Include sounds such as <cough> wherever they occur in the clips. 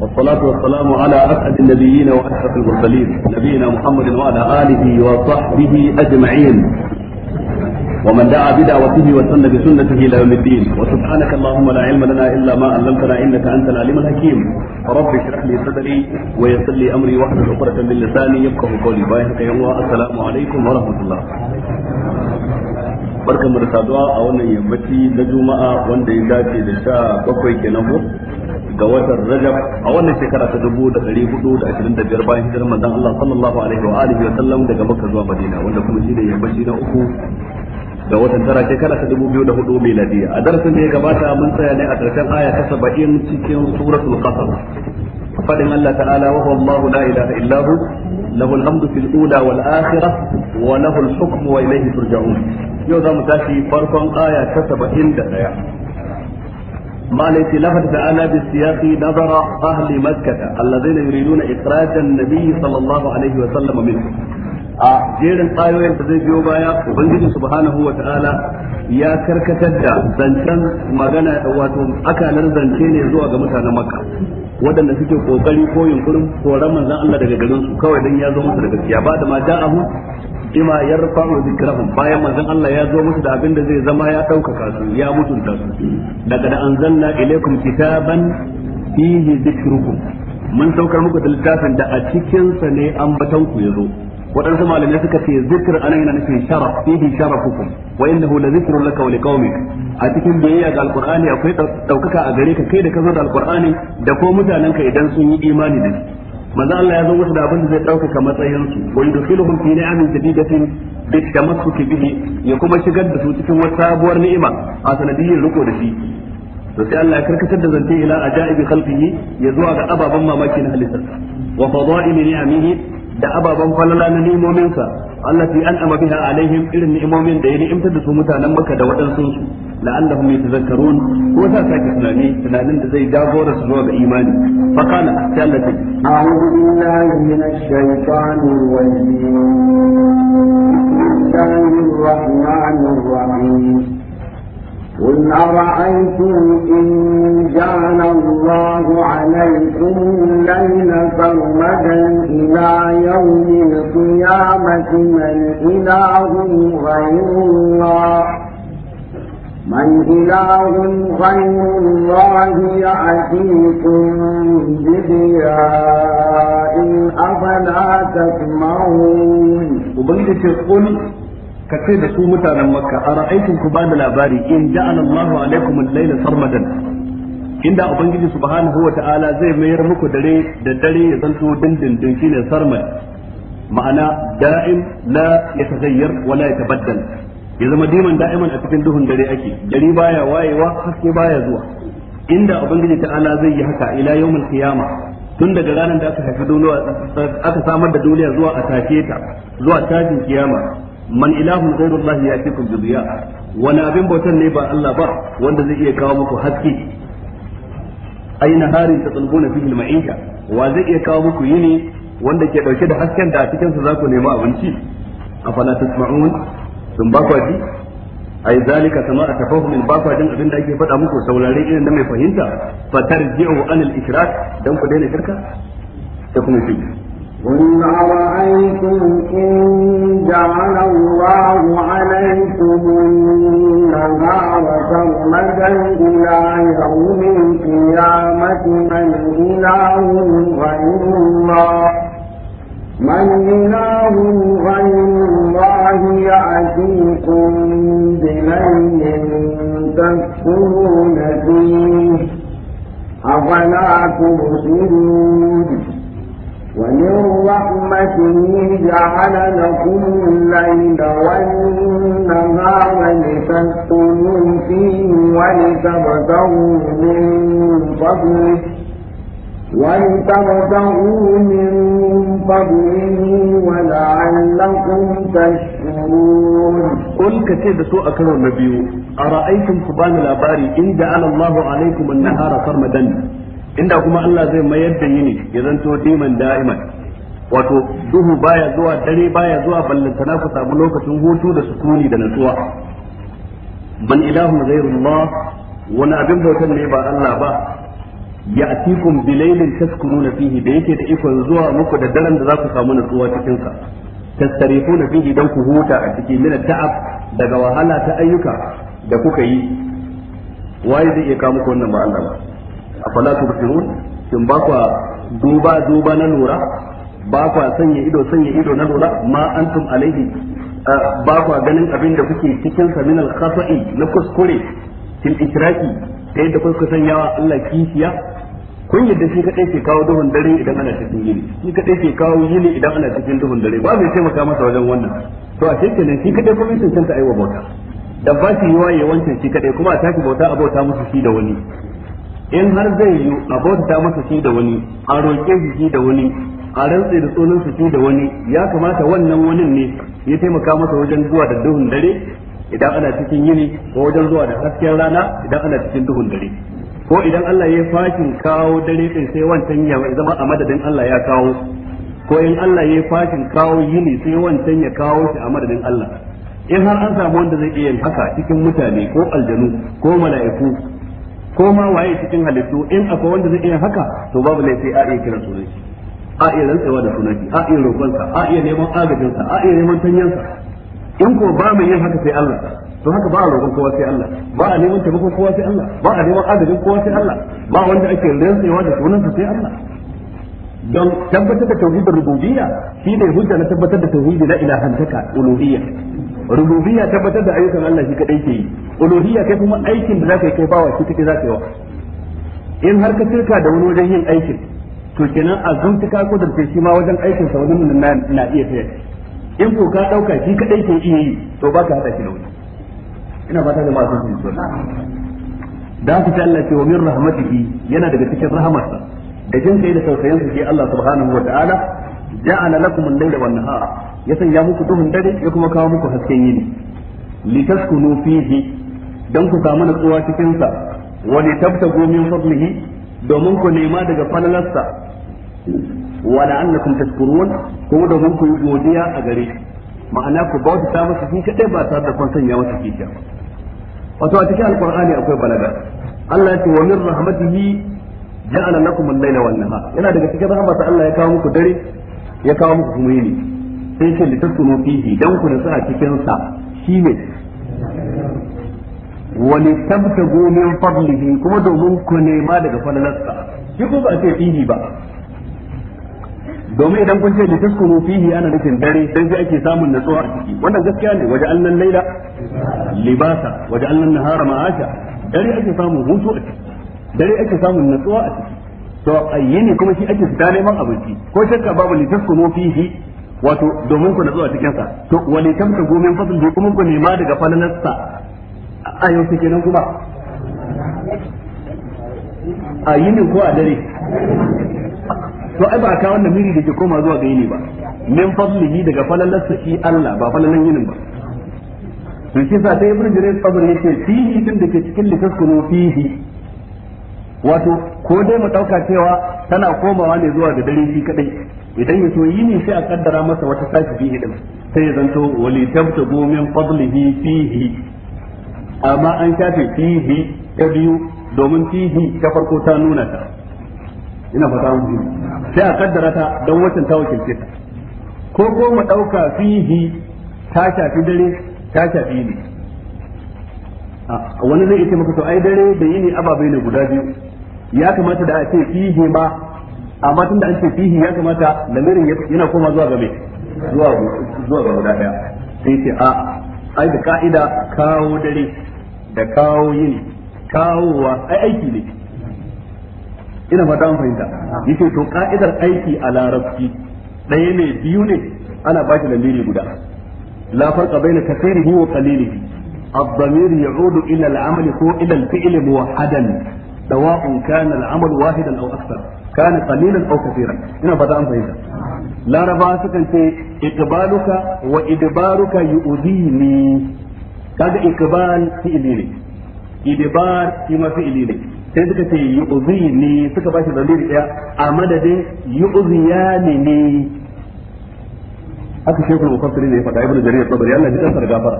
والصلاة والسلام على أسعد النبيين وأشرف المرسلين نبينا محمد وعلى آله وصحبه أجمعين ومن دعا بدعوته وسن بسنته إلى يوم الدين وسبحانك اللهم لا علم لنا إلا ما علمتنا إنك أنت العليم الحكيم رب اشرح لي صدري ويسر لي أمري واحلل عقدة من لساني يفقه قولي بارك يا الله السلام عليكم ورحمة الله barkan mu da saduwa a wannan yammaci na juma'a wanda ya dace da sha bakwai kenan ko ga watan Rajab a wannan shekara ta 1425 bayan hijirar manzon Allah sallallahu alaihi wa alihi wa sallam daga Makka zuwa Madina wanda kuma shi ne yammaci na uku ga watan tara shekara ta 2004 miladiya a darasin da ya gabata mun tsaya ne a karshen aya ta 70 cikin suratul qasas fadin Allah ta'ala wa huwa Allah la ilaha illa hu له الحمد في الأولى والآخرة وله الحكم وإليه ترجعون يوضا متاشي فرقا آية كسب إن دقيقة ما التي لفت تعالى بالسياق نظر أهل مكة الذين يريدون إخراج النبي صلى الله عليه وسلم منه a jerin tsayoyin da zai biyo baya ubangiji subhanahu wa ta'ala ya karkatar da zancen magana wato akalar zance ne zuwa ga mutanen makka waɗanda suke kokari ko yunkurin koran manzon Allah daga garin su kawai dan ya zo musu da gaskiya ba da ma da'ahu bima yarfa'u zikrahum bayan manzon Allah ya zo musu da abin da zai zama ya daukaka su ya mutunta su daga da anzalna ilaykum kitaban fihi zikrukum mun saukar muku da littafin da a cikin sa ne ambaton ku yazo waɗansu malamai suka ce zikr anan yana nufin sharaf fihi sharafukum wa innahu la zikrun laka wa liqaumik a cikin biyayya ga alqur'ani akwai daukaka a gare ka kai da ka zo da alqur'ani da ko mutanen ka idan sun yi imani da shi manzo Allah ya zo musu da abin da zai ɗaukaka matsayin su wa yudkhiluhum fi ni'amin jadidatin bi tamassuki bihi ya kuma shigar da su cikin wata sabuwar ni'ima a sanadiyyar riko da shi to sai Allah ya karkatar da zance ila ajaibi khalqihi ya zuwa ga ababan mamaki na halittarsa wa fadaili ni'amihi da ababan falala na nimominsa allati an'ama biha alaihim irin ni'imomin da ya ni'imtar da su mutanen Makka da waɗansu su la'allahum yatazakkarun ko sa ka tunani tunanin da zai jagora su zuwa ga imani fa kana sai Allah ta a'udhu billahi minash shaitanir rajim bismillahir rahmanir rahim قل أرأيتم إن جعل الله عليكم الليل سرمدا إلى يوم القيامة من إله غير الله من إله غير الله يأتيكم بضياء أفلا تسمعون وبنت قل ka ce da su mutanen makka a ra'aikin ku bada labari in ja'ala Allahu alaikum al-layla sarmadan inda ubangiji subhanahu wa ta'ala zai mayar muku dare da dare ya zanto dindindin shine sarmad ma'ana da'im la yataghayyar wa la yatabaddal ya zama diman da'iman a cikin duhun dare ake dare baya wayewa haske baya zuwa inda ubangiji ta'ala zai yi haka ila yawmul qiyama tun daga ranar da aka haifi duniya aka samar da duniya zuwa a tashe ta zuwa tashin kiyama man ilahun ghairu Allah ya fi kun biya wani abin bautan ne ba Allah ba wanda zai iya kawo muku haske aina harin ta tsulbuna fihi al-ma'isha wa zai iya kawo muku yini wanda ke dauke da hasken da a cikin za ku nema abinci A afala tasma'un sun ba kwaji ai zalika sama a tafahumin ba kwa abin da ake faɗa muku saurare irin da mai fahimta fatar ji'u anil ikirat dan ku daina shirka da kuma fiye قل أرأيتم إن جعل الله عليكم النهار سرمدا إلى يوم القيامة من إله غير الله من إله غير الله يأتيكم بليل تكفرون فيه أفلا تبصرون ومن رحمته جعل لكم الليل والنهار لتسكنوا فيه ولتبتغوا من فضله ولتبتغوا من فضله ولعلكم تشكرون قل كتير سوء كلام النبي أرأيتم سبحان الأباري إن جعل الله عليكم النهار سرمدا inda kuma Allah zai mayar da yini ya zanto diman da'iman wato duhu baya zuwa dare baya zuwa ballantana ku samu lokacin hutu da sukuni da natsuwa man ilahun ghairullah wani abin bautan ne ba Allah ba ya atikum bilailin taskununa fihi da yake da ikon zuwa muku da daren da za ku samu nutsuwa cikin sa tastarifuna fihi dan ku huta a cikin min ta'ab daga wahala ta ayyuka da kuka yi waye zai iya kawo muku wannan ba Allah ba afala tubsirun kin ba kwa duba duba na lura ba kwa sanya ido sanya ido na lura ma antum alaihi ba kwa ganin abin da kuke cikin sa min al-khata'i na kuskure kin ikraki ta yadda kuka yawa Allah kishiya kun yadda shi kadai ke kawo duhun dare idan ana cikin yini shi kadai ke kawo yini idan ana cikin duhun dare ba zai taimaka masa wajen wannan to a ne shi kadai kuma sun canta aiwa bauta da ba shi yi wancan shi kadai kuma a taki bauta a bauta musu shi da wani in har zai yi a bauta masa shi da wani a roƙe shi da wani a rantsi da tsonin su da wani ya kamata wannan wani ne ya taimaka masa wajen zuwa da duhun dare idan ana cikin yini ko wajen zuwa da hasken rana idan ana cikin duhun dare ko idan Allah ya fashin kawo dare din sai wancan ya zama a madadin Allah ya kawo ko in Allah ya fashin kawo yini sai wancan ya kawo shi a madadin Allah in har an samu wanda zai iya haka cikin mutane ko aljanu ko mala'iku ko ma waye cikin halittu in akwai wanda zai iya haka to babu laifi a iya kiran sunan shi a iya rantsewa da sunan shi a iya roƙonsa a iya neman agajinsa a iya neman tanyansa in ko ba mai yin haka sai Allah to haka ba a roƙon kowa sai Allah ba a neman taimakon kowa sai Allah ba a neman agajin kowa sai Allah ba wanda ake rantsewa da sunansa sai Allah don tabbatar da tauhidin rububiyya ne hujja na tabbatar da tauhidi na ilahantaka uluhiyya rububiyya tabbatar da ayyukan Allah shi kadai ke yi uluhiyya kai kuma aikin da zaka yi kai bawa shi kake zaka yi wa in har ka shirka da wani wajen yin aikin to kenan a zuntuka ko da shi ma wajen aikin sa wani na iya tsaye in ko ka dauka shi kadai ke iya yi to baka hada shi da wani ina fata da masu sun so da su sai Allah ce wa min rahmatihi yana daga cikin rahamarsa da jin kai da tausayin sa Allah subhanahu wa ta'ala ja'ala lakum al-layla wan nahara ya sanya muku duhun dare ya kuma kawo muku hasken yini litaskunu fihi dan ku samu natsuwa cikin sa wa litabtagu min fadlihi domin ku nema daga falalarsa wa la'allakum tashkurun kuma domin ku yi godiya a gare ma'ana ku bauta ta masa shi kadai ba tare da kun sanya masa kishiya wato a cikin alqur'ani akwai balaga Allah ya ce wa min rahmatihi ja'ala lakum al-layla wan nahara yana daga cikin rahmatar Allah ya kawo muku dare ya kawo muku kuma yini sai ce litaskunu fihi dan ku da suna cikin sa shi ne wa litabtagu min fadlihi kuma domin ku nema daga fadlarsa shi ko ba ce fihi ba domin idan kun ce litaskunu fihi ana nufin dare dan ji ake samun natsuwa a ciki wannan gaskiya ne waje annan laila libasa waje annan nahara ma'asha dare ake samun hutu a ciki dare ake samun natsuwa a ciki to ayyini kuma shi ake fita neman abinci ko shakka babu litaskunu fihi wato domin ku natsu cikin sa to wani ta tamtagu min fadli kuma ku nema daga falalarsa a yau take nan kuma a yini ko a dare to ai ba ka wannan miri da ke koma zuwa ga yini ba min fadlihi daga falalarsa shi Allah ba falalan yinin ba sun shi sa sai ibn jirai tsabar yake fihi tun da ke cikin litaskunu fihi wato ko dai mu dauka cewa tana komawa ne zuwa ga dare shi kadai idan ya so yi ne sai a kaddara masa wata sashi bi idan sai ya zanto wali tabtagu min fadlihi fihi amma an shafe fihi ta biyu domin fihi ta farko ta nuna ta ina fata mu sai a kaddara ta don wacin ta wakilce ta ko ko mu dauka fihi ta shafi dare ta shafi ne wani zai ce maka to ai dare da yini ababai ne guda biyu ya kamata da a fihi ma amma da an ce fihi ya kamata lamirin yana koma zuwa ga zuwa zuwa ga guda daya sai ce a ai da ka'ida kawo dare da kawo yini kawowa ai aiki ne ina fata ta fahimta ce to ka'idar aiki a larabci ɗaya ne biyu ne ana ba shi lamiri guda la farqa baina kathirihi wa qalilihi الضمير يعود amali ko هو إلى الفعل موحدا سواء كان العمل واحدا او اكثر كان قليلا او كثيرا هنا بدا ان فهمت لا ربا سكنتي اقبالك وادبارك يؤذيني kaga ikbal fi ilili idbar fi ma fi ilili sai suka ce ne suka bashi dalili daya a madadin yu'ziyani ne haka shekul mufassiri ne ya faɗa ibnu jarir tabari Allah ya tsara gafara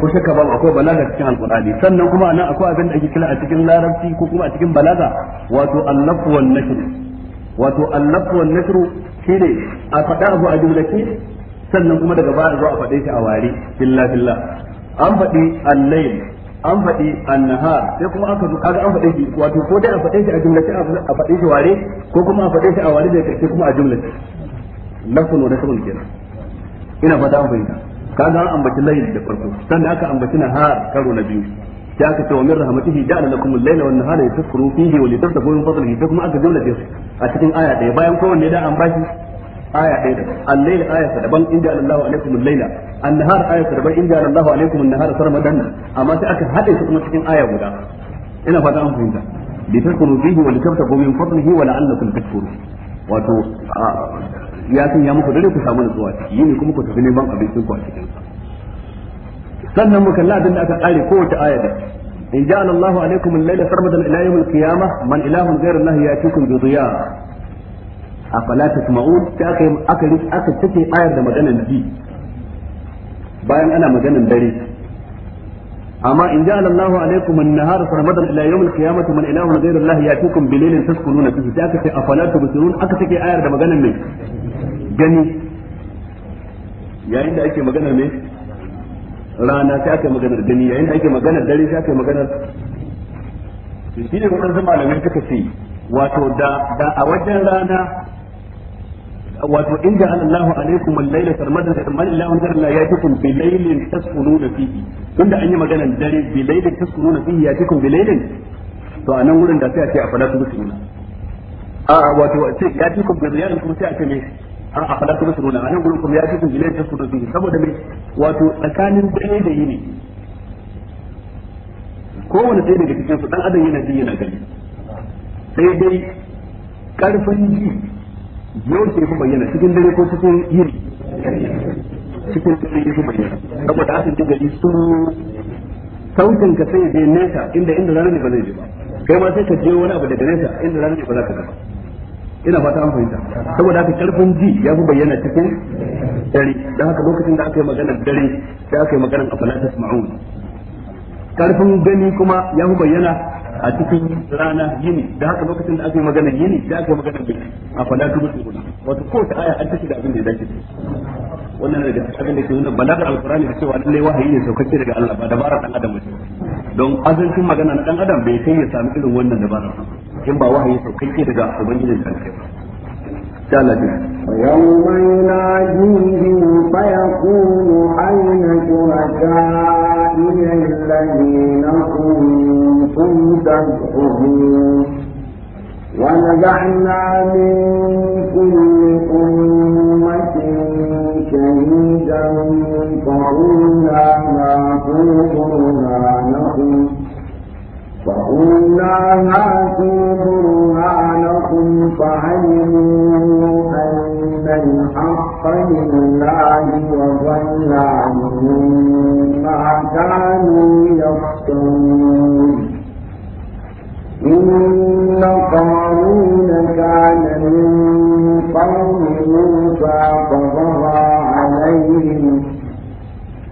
ko shakka ba akwai balaga cikin alqur'ani sannan kuma anan akwai abin da ake kira a cikin larabci ko kuma a cikin balaga wato al-lafz wan nashr wato al-lafz wan nashr shine a faɗa abu a jumlace sannan kuma daga baya zo a faɗe shi a wari billah billah an faɗi al-layl an faɗi an-nahar sai kuma aka zo kaga an faɗe shi wato ko dai a faɗe shi a jumlace a faɗe shi ware ko kuma a faɗe shi a ware da kake kuma a jumlace Lafin wa nasbun kenan ina fata an fahimta kaga an ambaci layin da farko sannan aka ambaci har karo na biyu sai aka ce wa min rahmatihi ja'ala lakum al-layla wan nahara litaskuru fihi wa litabtagu min fadlihi sai kuma aka da ce a cikin aya daya bayan kowanne da an bashi aya daya daban al-layl aya ta daban inda Allahu alaikum al-layla an-nahar aya ta daban inda Allahu alaikum an-nahara sarmadan amma sai aka hade su kuma cikin aya guda ina fata an fahimta litaskuru fihi wa litabtagu min fadlihi wa la'allakum tashkurun wato ya san ya muku dare ku samu nutsuwa ciki yini kuma ku tafi neman abincin ku a cikin sannan mu kalla abin da aka kare kowace aya da in ja Allahu alaikum al-laila sarmadan ila yawm al-qiyamah man ilahun ghayra Allah ya'tikum bi dhiya afala tasma'un ta aka aka aka take ayar da maganar ji bayan ana maganar dare amma in ja'ala Allahu alaikum an-nahar sarmadan ila yawm al-qiyamati man ilahun ghayra Allah yatukum bilailin taskununa fihi da aka ce afala tubsirun take ayar da maganar mai gani yayin da ake maganar mai rana sai aka maganar gani yayin da ake maganar dare sai aka maganar shi ne suka wato da a wajen rana wato in ja Allahu alaikum al-laila sarmadan man ilahun ghayr la yatikum bi laylin taskununa fihi tunda an yi maganan dare bi laylin taskununa fihi yatikum bi laylin to a nan wurin da sai a ce a fada su bismillah a wato a ce yatikum bi laylin kuma sai a ce me a fada su bismillah a nan wurin kuma yatikum bi laylin taskununa fihi saboda me wato tsakanin dare da yini kowane sai daga cikin su dan adam yana ji yana gani sai dai karfin ji yau ce fi bayyana cikin dare ko cikin yiri cikin dare ya fi bayyana saboda asin ji gari su saukin ka sai je nesa inda inda rana ne ba zai je ba kai ma sai ka je wani abu daga nesa inda rana ne ba za ka gaba ina fata an fahimta saboda haka karfin ji ya fi bayyana cikin dare don haka lokacin da aka yi maganar dare sai aka yi maganar afalatus ma'un karfin gani kuma ya fi bayyana a cikin rana yini da haka lokacin da aka yi magana yini da aka yi magana bai a fada kuma su guda wato kowace aya an tafi da abin da ya dace wannan daga abin da ke nuna balagar alkurani da cewa lallai wahayi ne saukakke daga Allah ba dabarar dan adam ce don azancin magana na dan adam bai kai ya sami irin wannan dabarar kin ba wahayi saukakke daga ubangijin kan ba ويوم يناديهم فيقول أين شركائي إلى الذين كنتم تدعون ونزعنا من كل أمة شهيدا فقلنا هاتوا برهانكم فقلنا هاتوا برهانكم فعلموا أن الحق لله وضل عنهم بما كانوا يفترون إن قارون كان من قوم موسى فضرى عليهم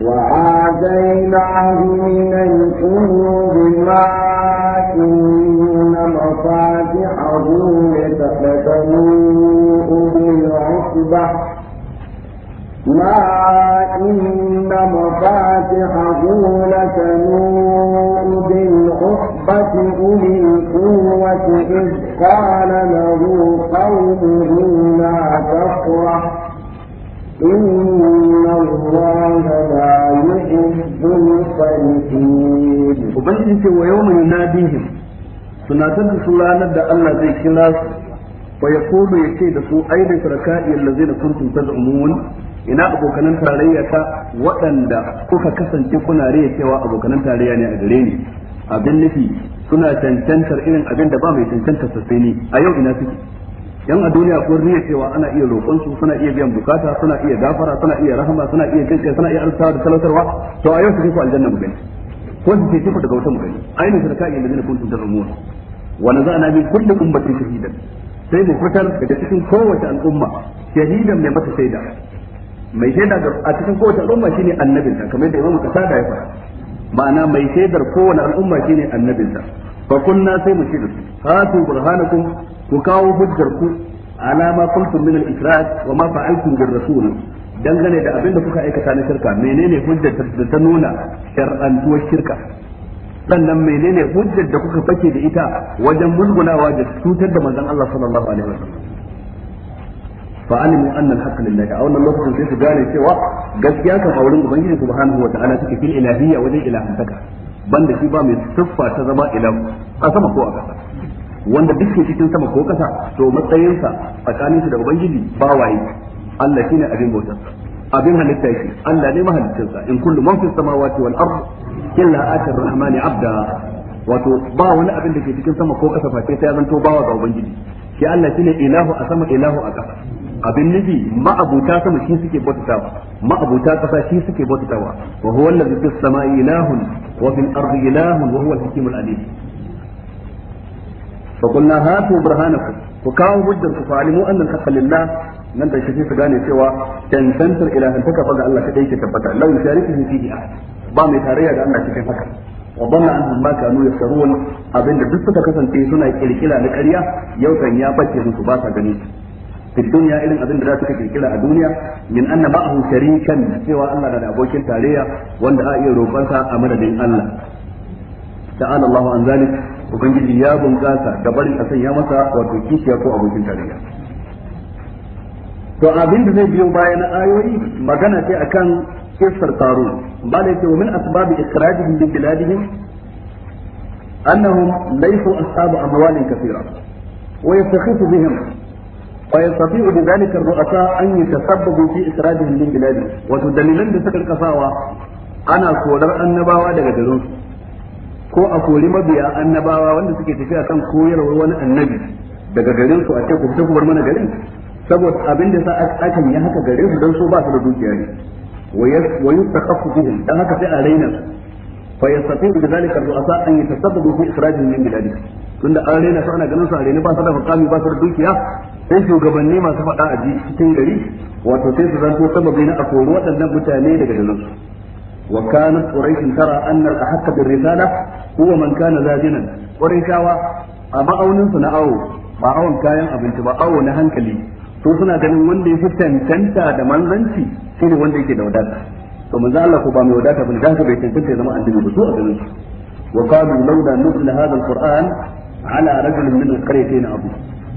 وآتيناه من الكنوز ما إن مفاتحه لتفتنوا أولي العصبة ما إن مفاتحه لتنوء بالعصبة أولي القوة إذ قال له قومه لا تفرح إن الله لا يحب الفرحين وبنتي ويوم يناديهم سنة سلانة دا الله زي كلاس ويقول يكيد سوء أين شركائي الذين كنتم تزعمون ina abokanan tarayya ka waɗanda kuka kasance kuna riya cewa abokanan tarayya ne a gare ni abin nufi suna cancantar irin abin da ba mai cancantar sosai ni a yau ina suke yan a duniya ko riya cewa ana iya roƙon su suna iya biyan bukata suna iya gafara suna iya rahama suna iya jinƙe suna iya alsawa da talautarwa to a yau suke ku aljanna mu gani ko su ce ku daga wata mu gani ainihin sadaka iya da zina kuntum tazamuna wa nazana min kulli ummatin shahidan sai mu fitar daga cikin kowace al'umma shahidan mai mata shaida mai shaida a cikin kowace al'umma shine annabinta kamar yadda imamu kasada ya faɗa ma'ana mai shaidar kowane al'umma shine annabinta fa kunna sai mu shaida hatu burhanakum ku kawo hujjar ku ala ma kuntum min al wa ma fa'altum bir rasul dangane da abinda kuka aikata na shirka menene hujjar da ta nuna shar'antuwar shirka sannan menene hujjar da kuka fake da ita wajen mulgulawa da cutar da manzon Allah sallallahu alaihi wasallam fa alimu anna al-haqq lillahi a wannan lokacin sai su gane cewa gaskiya kan auren ubangiji subhanahu wa ta'ala take fil ilahiyya wajen ilahantaka banda shi ba mai siffa ta zama ilahu a sama ko a ƙasa wanda duk cikin sama ko ƙasa to matsayinsa tsakanin shi da ubangiji ba waye Allah shine abin bautar abin halitta yake Allah ne mahaliccinsa in kullu man fis samawati wal ard illa ata ar-rahmani abda wato ba wani abin da ke cikin sama ko ƙasa face sai ya zanto bawa ga ubangiji shi Allah shine ilahu a sama ilahu a ƙasa abin nufi ma'abuta sama shi suke bautatawa ma'abuta kasa shi suke bautatawa wa huwa allazi fis sama'i ilahun wa fil ardi ilahun wa huwa al-hakimul alim fa qulna hatu burhanakum ku kawo hujjar ku fa'alimu annal haqqa lillah nan da shi su gane cewa tantantar ilahantaka fa ga Allah kadai ke tabbata law sharikin fihi ahad ba mai tarayya da Allah cikin haka wa dalla anhum ma kanu yasrun abinda duk suka kasance suna kirkira na ƙarya yau kan ya bace musu ba sa gani fi dunya irin abin da za su kirkira a duniya min anna ma'ahu sharikan cewa Allah na da abokin tarayya wanda a iya roƙonsa a madadin Allah ta'ala Allahu an ya bunƙasa da barin a sanya masa wato kishiya ko abokin tarayya to abin da zai biyo bayan ayoyi magana ce akan kisar qarun ba da yake min asbab ikhrajihim min biladihim annahum laysu ashabu amwalin kathira wa yastakhifu bihim ويستطيع بذلك الرؤساء أن يتسببوا في إسرادهم من بلاده وتدللن بسكر القساوة أنا كولر النباوة دقدرون ko a kori mabiya annabawa wanda suke tafiya kan koyarwar wani annabi daga garin su a ce ku fita ku bar mana garin saboda abin da sa aka yi haka garin su dan so ba su da dukiya ne wa yustaqafu bihim dan haka sai a raina fa yastati'u bi zalika ar-ru'asa an yatasabbabu fi ikhrajihim min biladihi tunda an raina su ana ganin su a raina ba su da hukami ba su da dukiya sai shugabanni masu faɗa a cikin gari wato sai su zanto sababi na akoro waɗannan mutane daga garin su wa kanat quraish tara anna al-haqq bir risala huwa man kana zajinan quraishawa a ma'aunin su na awo ba awon kayan abinci ba awo na hankali to suna ganin wanda ya fi tantanta da manzanci shine wanda yake da wadata to manzo Allah ko ba mai wadata bane dan bai tantance zama annabi ba su a ganin su wa qalu laula nuzila hadha al-qur'an ala rajulin min al abu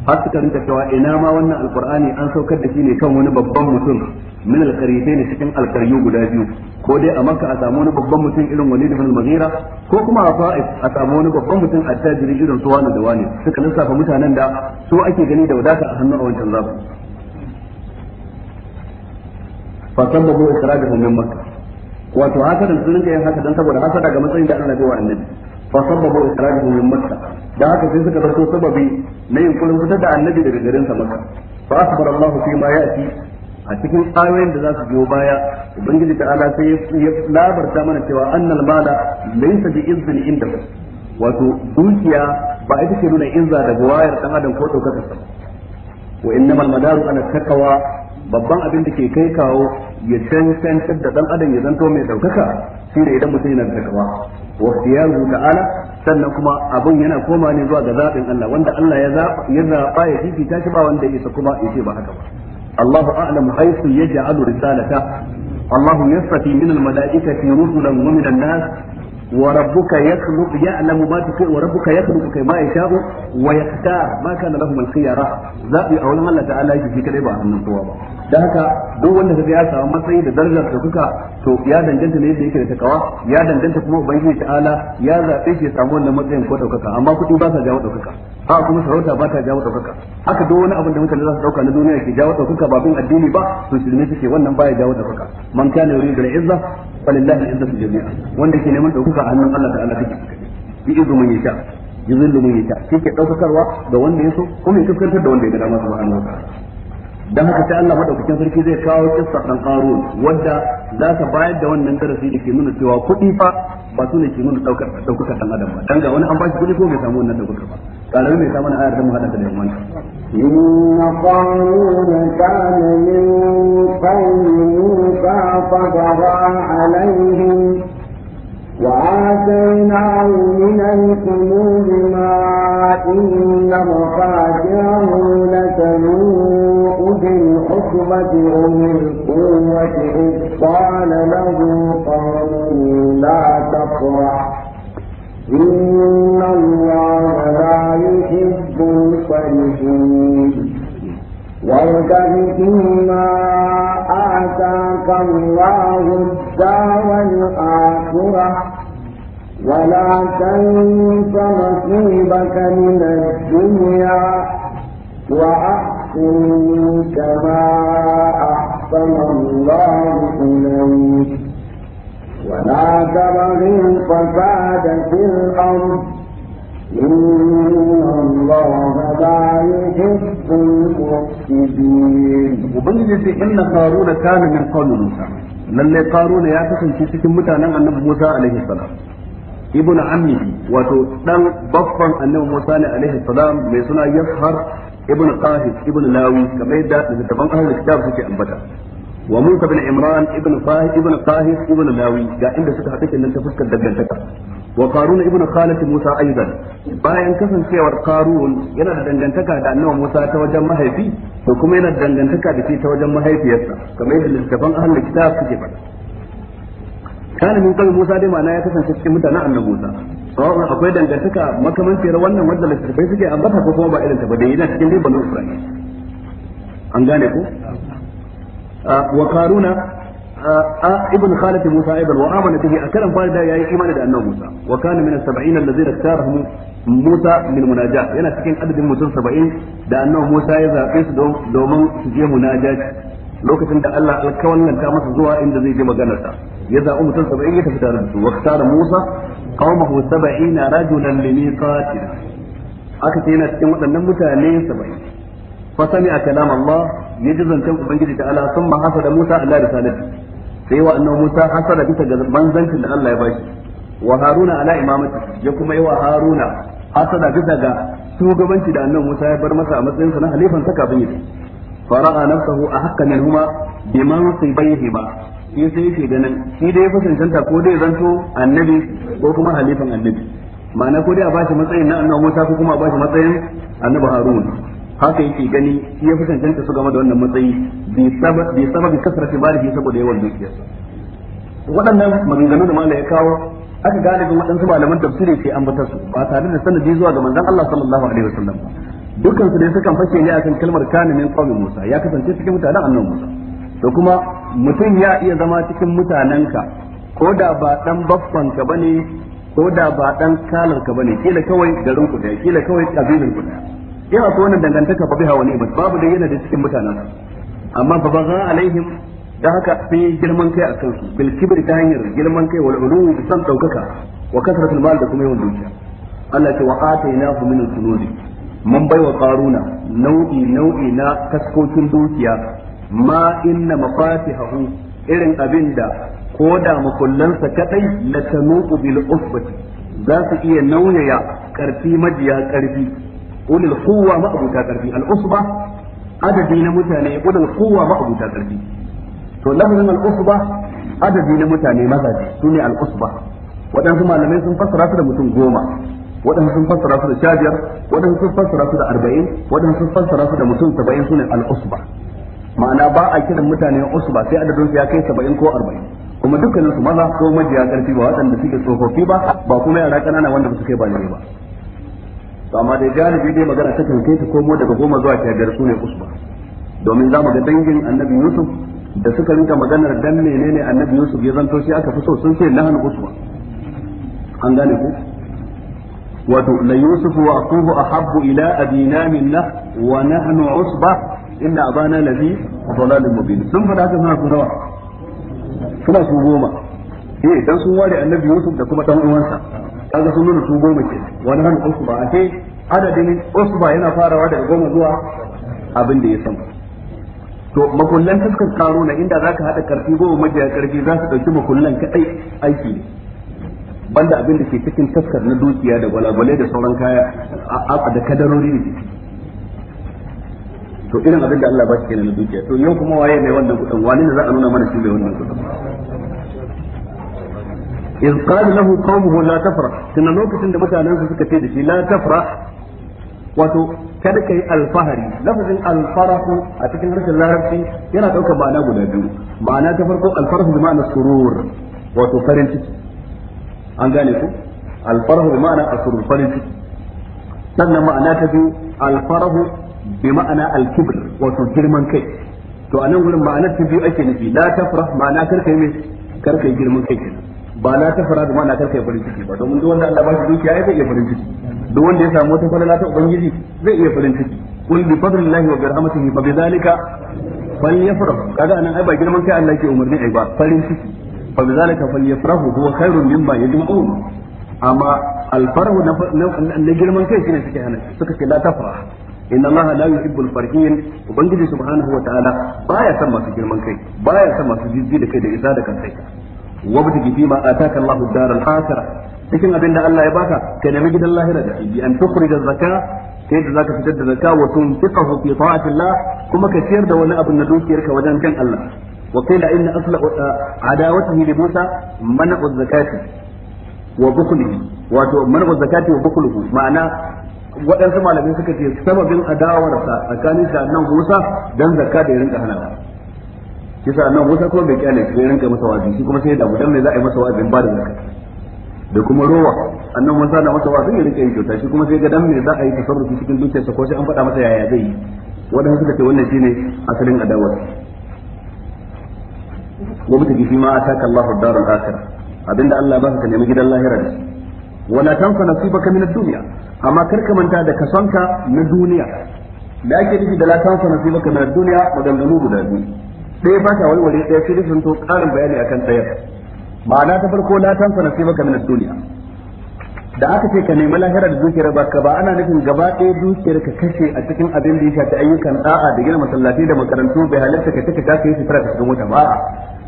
har suka rinka cewa ina ma wannan alkur'ani an saukar da shi ne kan wani babban mutum min alkarife ne cikin alkaryu guda biyu ko dai a makka a samu wani babban mutum irin wani da al ko kuma a fa'is a samu wani babban mutum a tajiri irin su wani da wani suka lissafa mutanen da su ake gani da wadata a hannu a wancan zafi fa babu isra'ihum hannun makka wato haka da sun rinka yin haka saboda hasada ga matsayin da ana bai wa annabi fa sababu isra'ihi min makka da haka sai suka dauko sababi na yunkurin fitar da annabi daga garin sa makka fa asbara Allah fi ma ya'ti a cikin ayoyin da za su biyo baya ubangiji ta'ala sai ya labarta mana cewa annal mala laysa bi izzin inda wato dukiya ba ita nuna izza da wayar dan adam ko daukar sa wa innamal madaru ana takawa babban abin da ke kai kawo ya cancantar da ɗan adam ya zanto mai daukaka shine idan mutum yana da takawa Waftiyaru ikhtiyaruhu ta'ala sannan kuma abin yana koma ne zuwa ga zaɓin Allah wanda Allah ya zaɓa ya zaɓa ya fifita shi ba wanda isa kuma yace ba haka ba Allahu a'lamu haythu yaj'alu risalata Allahu yasfati min al-mala'ikati rusulan wa min an-nas وربك يخلق يعلم ما تكون وربك يخلق ما يشاء ويختار ما كان لهم الخيارة ذا أولا الله تعالى يجي كده بقى من الصواب da haka duk wanda kaga ya samu matsayi da darajar da kuka to ya danganta ne yadda yake da takawa ya danganta kuma ubangiji ta'ala ya zabe shi samu wannan matsayin ko daukaka amma kuɗi ba sa jawo daukaka a kuma sarauta ba ta jawo daukaka haka duk wani abin da mutane za su dauka na duniya ke jawo daukaka ba bin addini ba to shirme suke wannan baya jawo daukaka man kana yuridu na izza falillahi izzatu jami'a wanda ke neman dauka a hannun Allah ta'ala take ga wanda ya so kuma ya kaskantar da wanda ya dan haka sai Allah madaukakin sarki zai kawo kissa dan Qarun wanda za ta bayar da wannan darasi da ke nuna cewa kuɗi fa ba su ne ke nuna daukar daukar dan adam ba dan ga wani an ba shi ko bai samu wannan daukar ba قالوا مي كمان آية دم هذا كده من إن قارون كان من قوم موسى فبغى عليهم وآتيناه من الكنوز ما إن مفاتحه لتنوء بالعصبة أولي القوة إذ قال له قومه لا تفرح إن الله لا يحب الفرحين وارتبط بما آتاك الله الدار الآخرة ولا تنس نصيبك من الدنيا وأحسن كما أحسن الله إليك ولا تبغي الفساد في الأرض Ubangiji ce inna qaruna kana min qawmi Musa lalle qaruna ya kasance cikin mutanen Annabi Musa alaihi salam ibnu ammihi wato dan baffan Annabi Musa ne alaihi salam mai suna Yashar ibnu Qahis ibnu Lawi kamar yadda da daban ahlul kitab suke ambata wa bin Imran ibn Fahid ibn Fahid ibn Lawi ga inda suka haɗu kenan ta fuskar dangantaka wa Qarun ibn Khalid Musa aidan bayan kasancewar Qarun yana da dangantaka da annabi Musa ta wajen mahaifi to kuma yana da dangantaka da shi ta wajen mahaifiyarsa kamar yadda littafan ahlul kitab suke faɗa kana min kan Musa dai ma'ana ya kasance cikin mutanen annabi Musa sawa akwai dangantaka makamanciyar wannan wanda littafai suke ambata ko kuma ba irin wa qaruna ابن خالد موسى ايضا وامن به اكرم فاردا يا ايمان ده موسى وكان من السبعين الذين اختارهم موسى للمناجاة yana cikin adadin mutum 70 da Musa ya zabe su domin su je munajat lokacin da Allah alkawalan ta masa zuwa inda zai je maganar sa ya zabi mutum 70 ya tafi tare da su waktara Musa qaumahu 70 rajulan aka ce yana cikin waɗannan mutane 70 fa sami'a kalam Allah ya ji zancen ubangiji ta ala sun ma hasada Musa Allah risalati sai wa annabi Musa hasada bisa ga manzancin da Allah ya bashi wa Haruna ala imamati ya kuma yi wa Haruna hasada bisa ga shugabanci da annabi Musa ya bar masa a matsayin sa na halifan saka kafin yi fara'a nafsahu a hakka minhuma biman sibayhima shi sai yake ganin shi dai fi cancanta ko dai zanto annabi ko kuma halifan annabi ma'ana ko dai a bashi matsayin na annabi Musa ko kuma a bashi matsayin annabi Haruna. haka yake gani shi ya fi cancanta su game da wannan matsayi bai sababi kasarati barihi saboda yawan dukiyarsa waɗannan maganganu da malaya ya kawo aka galibin waɗansu malaman tafsiri ke ambatar su ba tare da sanadi zuwa ga manzon Allah sallallahu alaihi wasallam ba dukkan su ne sukan fashe ne akan kalmar kana min Musa ya kasance cikin mutanen annabi Musa to kuma mutum ya iya zama cikin mutanenka ko da ba dan baffan ka bane ko da ba dan kalar ka bane kila kawai garin ku da kila kawai kabilar ku da in akwai wannan dangantaka fa biha wa ni'mat babu da yana da cikin mutanen amma fa baza alaihim da haka sai girman kai akan su bil kibri ta hanyar girman kai wal ulu bi san daukaka wa kasratul mal da kuma yawan dukiya Allah ce wa atainahu min al-kunuz mun baiwa qaruna nau'i nau'i na kaskokin dukiya ma inna mafatihahu irin abinda ko da makullansa kadai la tanuqu bil usbati za su iya nauyaya karfi majiya karfi ulul quwwa ma ƙarfi al'usba al adadi na mutane ulul quwwa ma ƙarfi to lafazin al'usba usba adadi na mutane mazaje sune al al'usba wadansu malamai sun fassara su da mutum goma waɗansu sun fassara su da sha biyar waɗansu sun fassara su da arba'in waɗansu sun fassara su da mutum saba'in sune al'usba ma'ana ba a kiran mutane usba sai adadin su ya kai saba'in ko arba'in kuma dukkaninsu maza ko majiya ƙarfi ba waɗanda suke tsofaffi ba ba kuma yara ƙanana wanda ba su kai ba ne ba to amma da galibi dai magana ta kan kai ta komo daga goma zuwa sha biyar sune usba domin za mu ga dangin annabi yusuf da suka rinka maganar dan menene annabi yusuf ya zanto shi aka fi so sun ce lahan usba an gane ku wato la yusuf wa aqubu ahabbu ila abina minna wa nahnu usba inna abana lazi dalalun mubin sun faɗa haka suna su rawa suna su goma eh dan sun ware annabi yusuf da kuma dan uwansa kaga sun nuna su goma ke wani hannu ba a ce adadin ba yana farawa daga goma zuwa abin da ya san to makullan taskar karo na inda za ka hada karfi goma majiya karfi za su dauki makullan kadai aiki ne banda abin da ke cikin taskar na dukiya da gwalagwale da sauran kaya da kadarori ne to irin abin da Allah ba shi kenan na dukiya to yau kuma waye mai wannan kudin wani ne za a nuna mana shi mai wannan kudin iz qala lahu qaumuhu la tafra tunda lokacin da mutanen su suka ce da shi la tafra wato kada kai alfahari lafazin alfarahu a cikin harshen larabci yana daukar ma'ana guda biyu ma'ana ta farko alfarahu bi ma'ana surur wato farin ciki an gane ku alfarahu bi ma'ana asurur farin ciki sannan ma'ana ta biyu alfarahu bi ma'ana alkibr wato girman kai to anan gurin ma'anar ta ake nufi la tafrah ma'ana girman kai ba la tafara da na karkai farin ciki ba domin duk wanda Allah ba shi dukiya zai iya farin ciki duk wanda ya samu wata falala ta ubangiji zai iya farin ciki kul bi fadlillahi wa bi rahmatihi fa bi zalika falyafrahu kaga anan ai ba girman kai Allah ke umarni ai ba farin ciki fa bi zalika falyafrahu huwa khairun mimma yajma'un amma alfarhu na girman kai shine suke hana suka ce la tafrah inna allaha la yuhibbu al-farihin ubangiji subhanahu wa ta'ala baya son masu girman kai baya son masu jijji da kai da isa da kan kai wabtaki fi ma ataka Allah ad-dar al-akhirah cikin da Allah ya baka ka nemi gidan lahira da shi an tukhrija zakka kai da zaka fitar da zakka wa tunfiqahu fi ta'ati Allah kuma ka ciyar da wani abin na dukiyarka wajen kan Allah wa qila inna asla eh, adawatihi li Musa mana'u zakati wa bukhlihi wato mana'u zakati wa ma'ana waɗansu malamai suka ce sababin adawarsa tsakanin da nan dan zakka da ya rinka Kisa annabi Musa kuma bai kyale shi rinka masa wazi shi kuma sai ya damu dan me za a yi masa wazin ba da zakat da kuma rowa annan Musa na masa wazin ya rinka yin kyauta shi kuma sai ga dan me za a yi tasarrufi cikin dukiyarsa ko sai an faɗa masa yaya zai yi wadanda suka ce wannan shine asalin adawar wa bi tafi ma ataka Allahu ad-darul akhirah abinda Allah ba ka nemi gidan lahira da wala tanfa nasibaka min ad-dunya amma karka manta da kasonka na duniya da ake nufi da la tanfa nasibaka min ad-dunya maganganu guda biyu Sai ba wani walwale ɗaya sai sun to ƙarin bayani akan tsayar ma'ana ta farko la tansa nasibaka min ad-dunya da aka ce ka nemi lahira da dukiyar baka ba ana nufin gaba ɗaya dukiyar ka kashe a cikin abin da ya shafi ayyukan da'a da gina masallaci da makarantu bai halarta ka cika ka yi fara ka cikin wata ba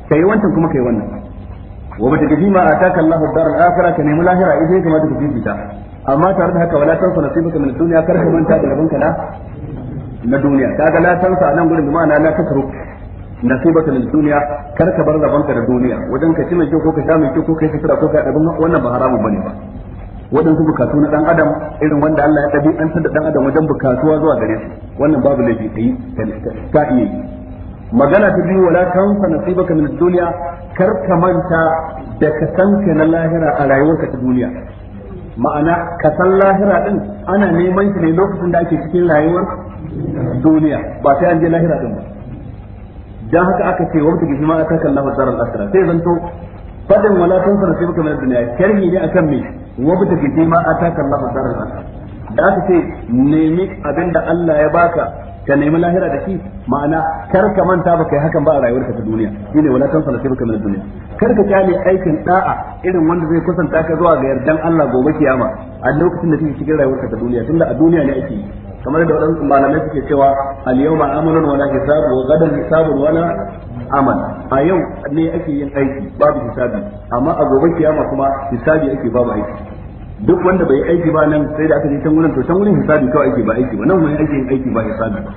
kai wancan kuma kai wannan wa mata gaji ma ataka Allahu dar al-akhirah ka nemi lahira idan ya kamata ka ta amma tare da haka wala tansa nasibaka min ad-dunya kar ka manta da rabin ka na duniya kaga la tansa nan gurin bi ma'ana la tasruk nasibaka lil duniya kar ka bar rabanka da duniya wajen ka ci mai kyau ko ka sha mai kyau ko kai yi fitira ko ka dabin wannan ba haramun bane ba waɗansu bukatu na dan adam irin wanda Allah ya ɗabi an da dan adam wajen bukatuwa zuwa gare su wannan babu laifi ka yi ka iya yi magana ta biyu wala kan fa nasibaka min duniya kar ka manta da ka san ka lahira a rayuwarka ta duniya ma'ana ka san lahira din ana neman shi ne lokacin da ake cikin rayuwar duniya ba sai an je lahira din ba dan haka aka ce wa mutaki ma aka kallahu daral akhirah sai zanto fadin wala tansara sai baka min dunya sharhi ne akan me wa mutaki ma aka kallahu daral akhirah da aka ce nemi abinda Allah ya baka ka nemi lahira da shi ma'ana kar ka manta ba kai hakan ba a rayuwarka ta duniya shine wala kan salati baka min duniya kar ka kyale aikin da'a irin wanda zai kusanta ka zuwa ga yardan Allah gobe kiyama a lokacin da kake cikin rayuwarka ta duniya tunda a duniya ne ake kamar da wadansu malamai suke cewa al yawma amalun wala hisabu wa gadan hisabun wala amal a yau ne ake yin aiki babu hisabi amma a gobe kiyama kuma hisabi ake babu aiki duk wanda bai yi aiki ba nan sai da aka je can wurin to can wurin hisabi kawai aiki ba aiki ba nan wani aiki aiki ba hisabi ba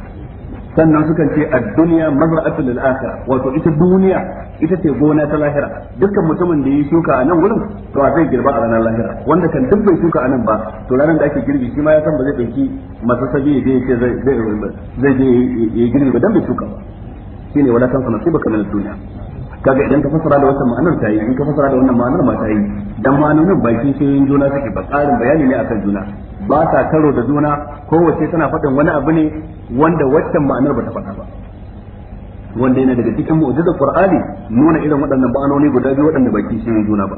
sannan sukan ce a duniya mazra'atul lil akhirah wato ita duniya ita ce gona ta lahira dukkan mutumin da yi shuka a nan wurin to a zai girba a ranar lahira wanda kan duk bai shuka a nan ba to ranar da ake girbi shi ma ya san ba zai dauki masu sabi ya ce zai zai je ya girbi ba dan bai shuka shine wala tansa nasibaka min ad duniya. kaga idan ka fassara da wannan ma'anar ta yi in ka fassara da wannan ma'anar ma ta yi dan ma'anonin baki sai juna suke ba tsarin bayani ne akan juna ba sa karo da juna ko kowace tana faɗin wani abu ne wanda waccan ma'anar ba ta faɗa ba wanda yana daga cikin mu'jizar qur'ani nuna irin waɗannan ma'anoni guda biyu waɗanda baki sai juna ba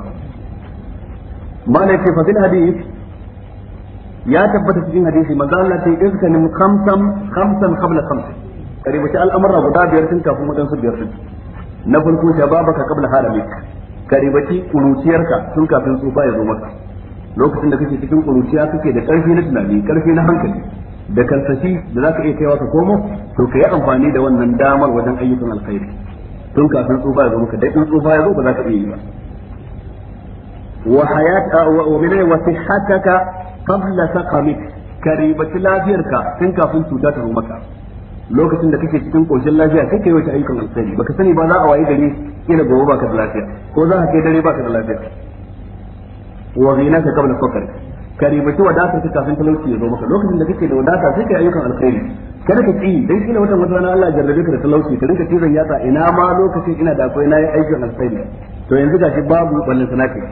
ma'ana ce fa fil hadith ya tabbata cikin hadisi manzo Allah ta iskanin khamsan khamsan qabla khamsin karibu ta al'amura guda biyar tun kafin waɗansu biyar tun na farko shababaka qabla haramik karibati ribaci kuruciyarka tun kafin tsufa ya zo maka lokacin da kake cikin kuruciya kake da karfi na tunani karfi na hankali da karsashi da zaka iya kaiwa ka komo to ka yi amfani da wannan damar wajen ayyukan alkhairi tun kafin tsufa ya zo maka dai tsufa ya zo ba za ka iya yi ba wa hayata wa min wa sihhataka qabla saqamik karibati lafiyarka tun kafin cuta ta zo maka lokacin da kake cikin koshin lafiya kai kai wata ayyukan alkhairi baka sani ba za a wayi gari ina gobe baka da lafiya ko za ka kai dare baka da lafiya wa ka qabla faqr kari ribaci wadatar ka kafin talauci ya zo maka lokacin da kake da wadata sai kai ayyukan alkhairi kada ka tsi dan kila mutuwa wata Allah ya jarrabe ka da talauci ka rinka tizan yatsa ina ma lokacin ina da akwai nayi aikin alkhairi to yanzu gashi babu wannan sanaki.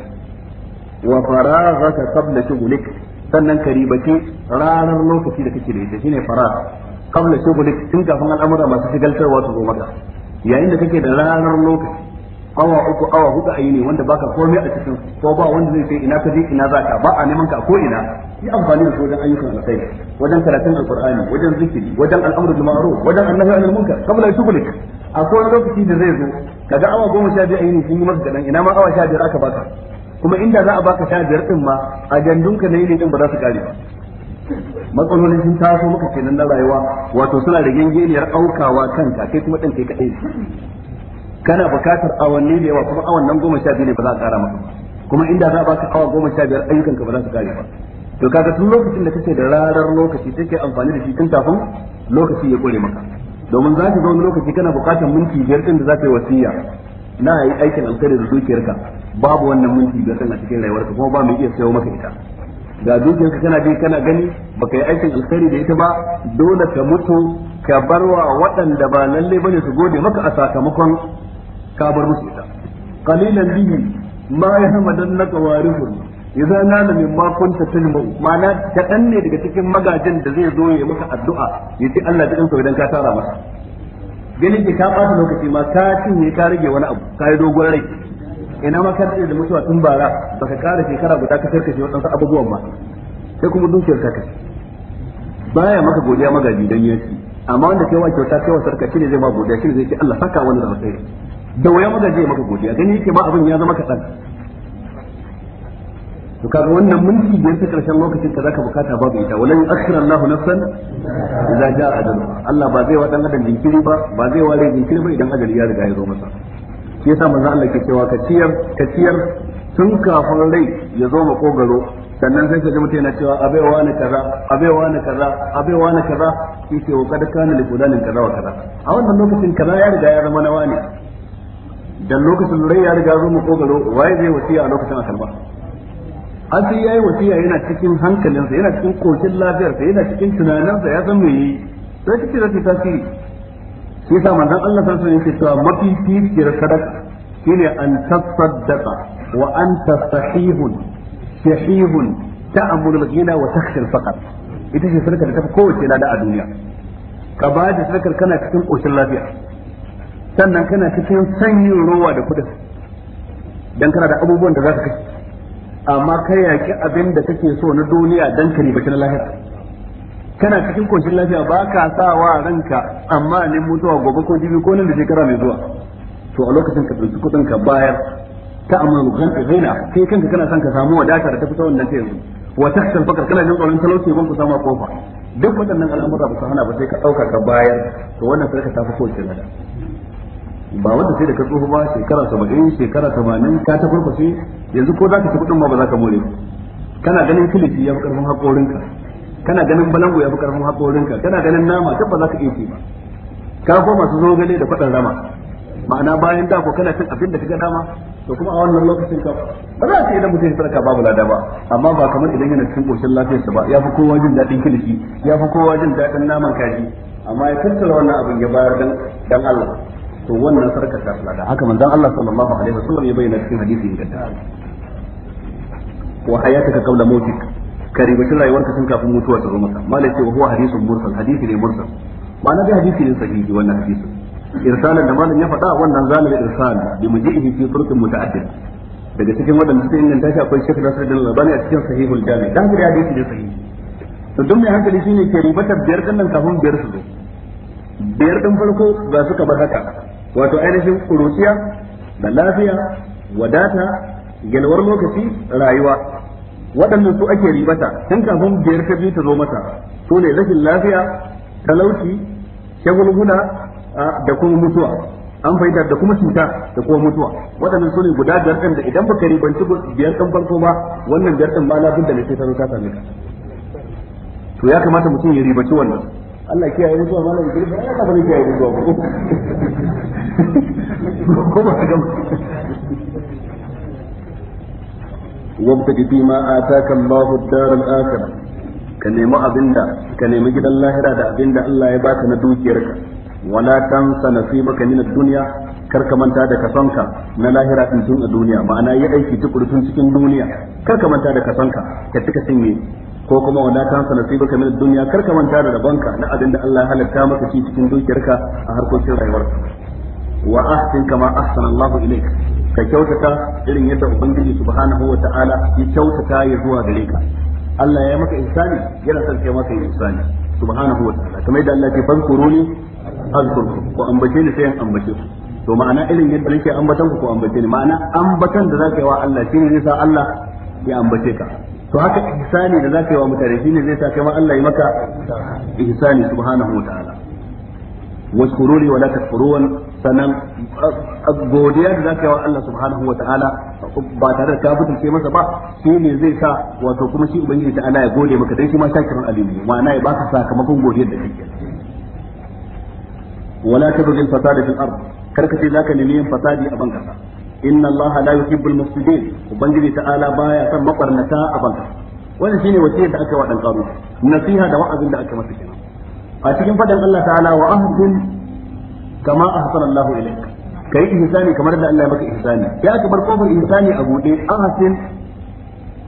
wa faraghaka qabla shughlik sannan ka ribaci ranar lokaci da kake da ita shine fara. qabla shughlik tun kafin al'amura masu shigaltarwa su zo maka yayin da kake da ranar lokaci awa uku awa huɗu a yi ne wanda baka komai a cikin ko ba wanda zai ce ina ka je ina zaka ba a neman ka ko ina yi amfani da su wajen ayyukan alkhairi wajen karatun alqur'ani wajen zikiri wajen al'amru bil ma'ruf wajen annahi anil munkar qabla shughlik a kowane lokaci da zai zo kaga awa goma sha biyu a yi ne sun yi maka kadan ina ma awa sha biyar aka baka kuma inda za a baka sha biyar din ma a gandunka ne ne din ba za su kare ba matsalolin sun taso maka kenan na rayuwa wato suna da gangeniyar aukawa kanka kai kuma ɗan kai kaɗai kana bukatar awanni da yawa kuma awan nan goma sha biyu ne ba za a ƙara maka kuma inda za a baka awa goma sha biyar ayyukanka ba za su kare ba to kaga tun lokacin da kake da rarar lokaci take amfani da shi tun kafin lokaci ya ƙure maka domin za ka ga wani lokaci kana bukatar minti biyar ɗin da za ka yi wasiya na yi aikin alkhairi da dukiyarka babu wannan minti biyar ɗin a cikin rayuwarka kuma ba mu iya sayo maka ita ga dukiyarka kana bi kana gani baka yi aikin alkhairi da ita ba dole ka mutu ka bar wa waɗanda ba lalle ne su gode maka a sakamakon ka bar musu ita qalilan bihi ma yahmadannaka warithun idza nana min ma kunta tajma ma'ana kaɗan ne daga cikin magajin da zai zo ya maka addu'a ya Allah ya dinka idan ka tara masa ganin ka ɓata lokaci ma ka cinye ka rage wani abu ka yi dogon rai ina ma ka da mutuwa tun bara baka kara shekara guda ka karkashe wadansu abubuwan ba sai kuma dukiyar ka kace baya maka godiya magaji dan yaci amma wanda kai wa kyauta kai wa sarka shine zai ma godiya shine zai ce Allah saka wannan da sai da waya magaji maka godiya gani yake ma abin ya zama kadan to kaga wannan mulki da yake karshen lokacin ka zaka bukata babu ita walan akhira Allahu nafsan idza jaa ajaluha Allah ba zai wa dan adam jinkiri ba ba zai ware jinkiri ba idan ajali ya riga ya zo masa shi yasa manzo Allah ke cewa ka ciyar ka ciyar tun kafin rai ya zo kogaro sannan sai ka ji mutum yana cewa abaiwa na kaza abaiwa na kaza abaiwa na kaza ke wa kada kana da gudanin kaza wa kaza a wannan lokacin kaza ya riga ya zama na wani dan lokacin rai ya riga zo kogaro waye zai wasiya a lokacin akalba har sai yayi wasiya yana cikin hankalinsa yana cikin kokin lafiyarsa yana cikin tunaninsa ya san me yi sai kike da tasiri shi yasa manzon Allah sallallahu alaihi wasallam yake cewa mafi fifikiyar sadaka shine an tasaddaqa wa anta sahihun sahihun ta'amul ghina wa takhshal faqat ita ce sadaka da tafi kowace lada a duniya ka ba da sadakar kana cikin koshin lafiya sannan kana cikin sanyin ruwa da kudin dan kana da abubuwan da za ka kashe amma kai yaki abin da kake so na duniya dan ka ribaci na lahira kana cikin koshin lafiya ba ka sa wa ranka amma ne mutuwa gobe ko jibi ko nan da shekara mai zuwa to a lokacin ka dauki kudin ka bayar ta amma amanu ka zaina kai kanka kana son ka samu wadata da tafi ta wannan ta yanzu wa taksal fakar kana jin tsoron talauci ban ku samu kofa duk waɗannan al'amura ba su hana ba sai ka dauka ka bayar to wannan sai ka tafi kowace lafiya ba wanda sai da ka tsoho ba shekara saba'in shekara tamanin ka ta farfashe yanzu ko za ka ci kudin ma ba za ka more kana ganin kilifi ya fi ƙarfin haƙorinka kana ganin balangu ya fi karfin haƙorinka kana ganin nama tabba za ka iya ci ba ka ko masu zogale da kwaɗan rama ma'ana bayan da ko kana cin abin da ga dama to kuma a wannan lokacin ka ba za ka yi da mutum sarka babu lada ba amma ba kamar idan yana cikin koshin lafiyarsa ba ya fi kowa jin daɗin kilishi ya fi kowa jin daɗin naman kaji amma ya tattara wannan abin ya bayar dan dan Allah to wannan sarka ta lada haka manzon Allah sallallahu alaihi wasallam ya bayyana cikin hadisi inganta wa hayataka qabla mautik ka ribaci rayuwarka tun kafin mutuwa ta zo maka malai ce wa huwa hadisun mursal hadisi ne mursal ma'ana dai hadisi ne sahihi wannan hadisi irsalan da malam ya faɗa wannan zalil irsal bi mujihi fi turqin muta'addid daga cikin wadanda suka inganta shi akwai da Nasruddin Albani a cikin sahihul jami dan da hadisi ne sahihi to duk mai hankali shine ke ribatar biyar din nan kafin biyar su zo biyar din farko ba su bar haka wato ainihin kuruciya da lafiya wadata yalwar lokaci rayuwa waɗannan su ake ribata tun kafin biyar ta biyu ta zo masa su ne rashin lafiya talauci shagulguna da kuma mutuwa an fahimta da kuma cuta da kuma mutuwa waɗannan su ne guda biyar ɗin da idan baka ribanci biyar ɗan farko ba wannan biyar ba na bin da sai ta zo ta same ka to ya kamata mutum ya ribaci wannan Allah ya kiyaye zuwa malam girbi Allah ba ne kiyaye zuwa <laughs> ko ba ka gama wabtaki fi ma ataka Allahu ad-dar al-akhirah ka nemi abinda ka nemi gidan lahira da abinda Allah ya baka na dukiyarka wala tansa nasibaka min ad-dunya kar ka manta da kasonka na lahira din tun a duniya ma'ana ya aiki tukuru tun cikin duniya kar ka manta da kasonka ka tuka sinye ko kuma wala tansa nasibaka min ad-dunya kar ka manta da rabanka na abinda Allah ya halatta maka shi cikin dukiyarka a harkokin rayuwarka wa ahsin kama ahsana Allahu ilayka ka kyautata irin yadda ubangiji subhanahu wa ta'ala ya kyautata ya zuwa gare ka Allah ya maka ihsani yana son kai maka ihsani subhanahu wa ta'ala kamar yadda Allah ke fankuruni azkurkum ko ambace ni sai an ambace ku to ma'ana irin yadda nake ambatan ku ko ambace ni ma'ana ambatan da zaka yi wa Allah shine zai sa Allah ya ambace ka to haka ihsani da zaka yi wa mutane shine zai sa kai ma Allah ya maka ihsani subhanahu wa ta'ala washkuruni wa la takfurun sannan godiya da za zaka yi wa Allah subhanahu wa ta'ala ba tare da ta ka butulce masa ba shi ne zai sa wato kuma shi ubangiji ta Allah ya gode maka dan shi ma shakirin alimi ma'ana ya baka sakamakon godiyar da kake wala ta al fasadi fil ard karka ce zaka nemi yin fasadi a banka inna Allah la yuhibbul mufsidin ubangiji ta'ala baya son mabarnata a banka wannan shine wasiyar da aka wa dan karu nasiha da wa'azin da aka masa kenan a cikin fadan Allah ta'ala wa ahdin kama ahsana Allah ilayk kai ihsani kamar da Allah ya maka ihsani ya ka bar kofar ihsani a bude ahsin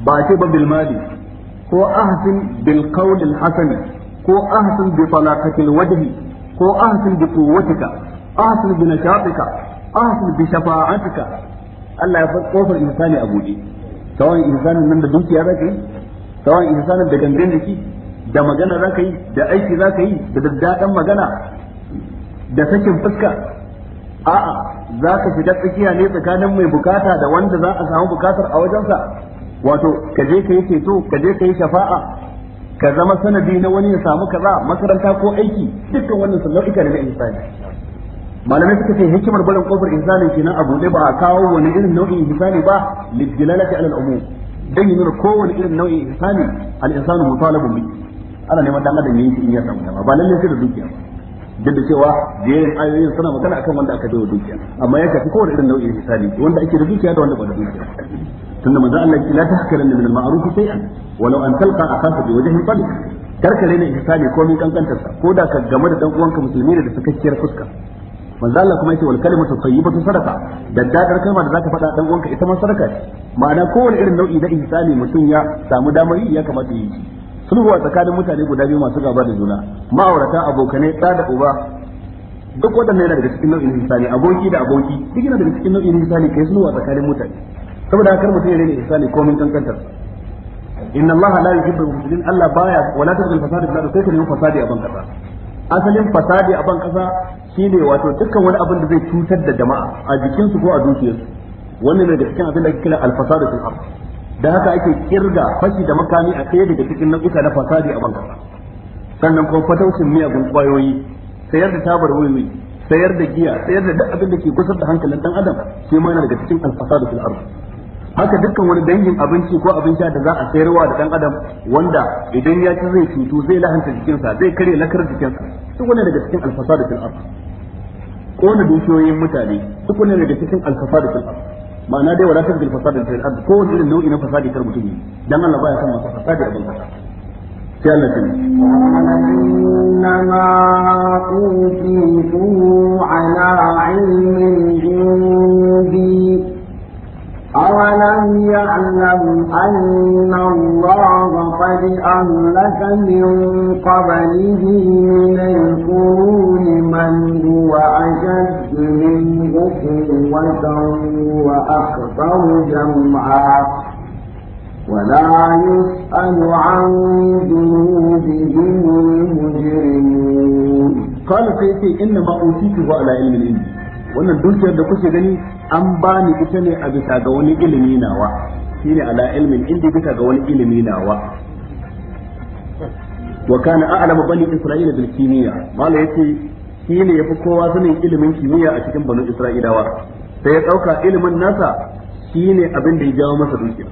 ba ce ba bil mali ko ahsin bil qawl al hasan ko ahsin bi talaqatil wajhi ko ahsin bi quwwatika ahsin bi nashatika ahsin bi shafa'atika Allah ya bar kofar ihsani a bude sawan ihsanin nan da dukiya zaka yi sawan ihsanin da gangan jiki da magana zaka yi da aiki zaka yi da daddadan magana da sakin fuska a'a za ka shiga tsakiya ne tsakanin mai bukata da wanda za a samu bukatar a wajensa wato ka je ka yi ceto ka je ka yi shafa'a ka zama sanadi na wani ya samu kaza makaranta ko aiki dukkan wannan sun nau'ika ne na insani malamai suka ce hikimar barin kofar insani kenan abu ne ba a kawo wani irin nau'in insani ba liddilalati alal umum dan yi nuna kowane irin nau'in insani al insanu mutalabun bi ana neman dan adam yayi in ya samu ba lalle sai da dukiya ba duk da cewa jerin ayoyin suna magana akan wanda aka wa dukiya amma ya shafi kowane irin nau'in hisabi wanda ake da dukiya da wanda ba da dukiya tunda manzo Allah ya ce la tahkaranna min al-ma'ruf shay'an walau an talqa akaka bi wajhin talq karka rena ihsani ko min kankantar sa ko da ka game da dan uwanka musulmi ne da sakakkiyar fuska manzo Allah kuma yace wal kalimatu tayyibatu sadaqa da dadar kalma da zaka faɗa dan uwanka ita ma sadaka ce ma'ana kowane irin nau'i na ihsani mutum ya samu damar yi ya kamata yi sulhu a tsakanin mutane guda biyu masu gaba da juna ma'aurata abokane ɗa da uba duk waɗannan yana daga cikin nau'in ihsani aboki da aboki duk yana daga cikin nau'in ihsani kai sulhu a tsakanin mutane saboda haka mutum ya rena ihsani komin kankantar inna allaha la yuhibbul mufsidin allah baya wala tazil fasadi fil ardi sai kan fasadi a ban kasa asalin fasadi a ban kasa shine wato dukkan wani abin da zai cutar da jama'a a jikinsu ko a dukiyarsu wannan ne da kira al da haka ake kirga fashi da makami a ɗaya daga cikin nau'uka na fasadi a banka sannan kuma fataucin miyagun kwayoyi sayar da tabar sayar da giya sayar da duk abin da ke gusar da hankalin dan adam shi ma yana daga cikin alfasadu fil ardh haka dukkan wani dangin abinci ko abin sha da za a sayarwa da dan adam wanda idan ya ci zai cutu zai lahanta jikinsa zai kare lakar jikinsa duk wani daga cikin alfasadu fil ardh kona dukiyoyin mutane duk wani daga cikin alfasadu fil ardh ma'ana dai wadatar bil fasadi fil ard ko wani irin nau'i na fasadi kar mutum dan Allah baya son masu fasadi abin ka kasa sai Allah ce innama utitu ala ilmin أولم يعلم أن الله قد أهلك من قبله من القرون من هو أشد منه قوة وأكثر جمعا ولا يسأل عن ذنوبهم المجرمون قال سيدي إنما أوتيته على علم الإنجيل wannan dukiyar da kuke gani an ba ni ita ne a bisa ga wani ilimi nawa shine ala ilmin indi bisa ga wani ilimi nawa wa kana a'lamu bani isra'ila bil kimiyya mala yace shi ne yafi kowa sanin ilimin kimiyya a cikin banu isra'ilawa sai ya dauka ilimin nasa shine abin da ya jawo masa dukiya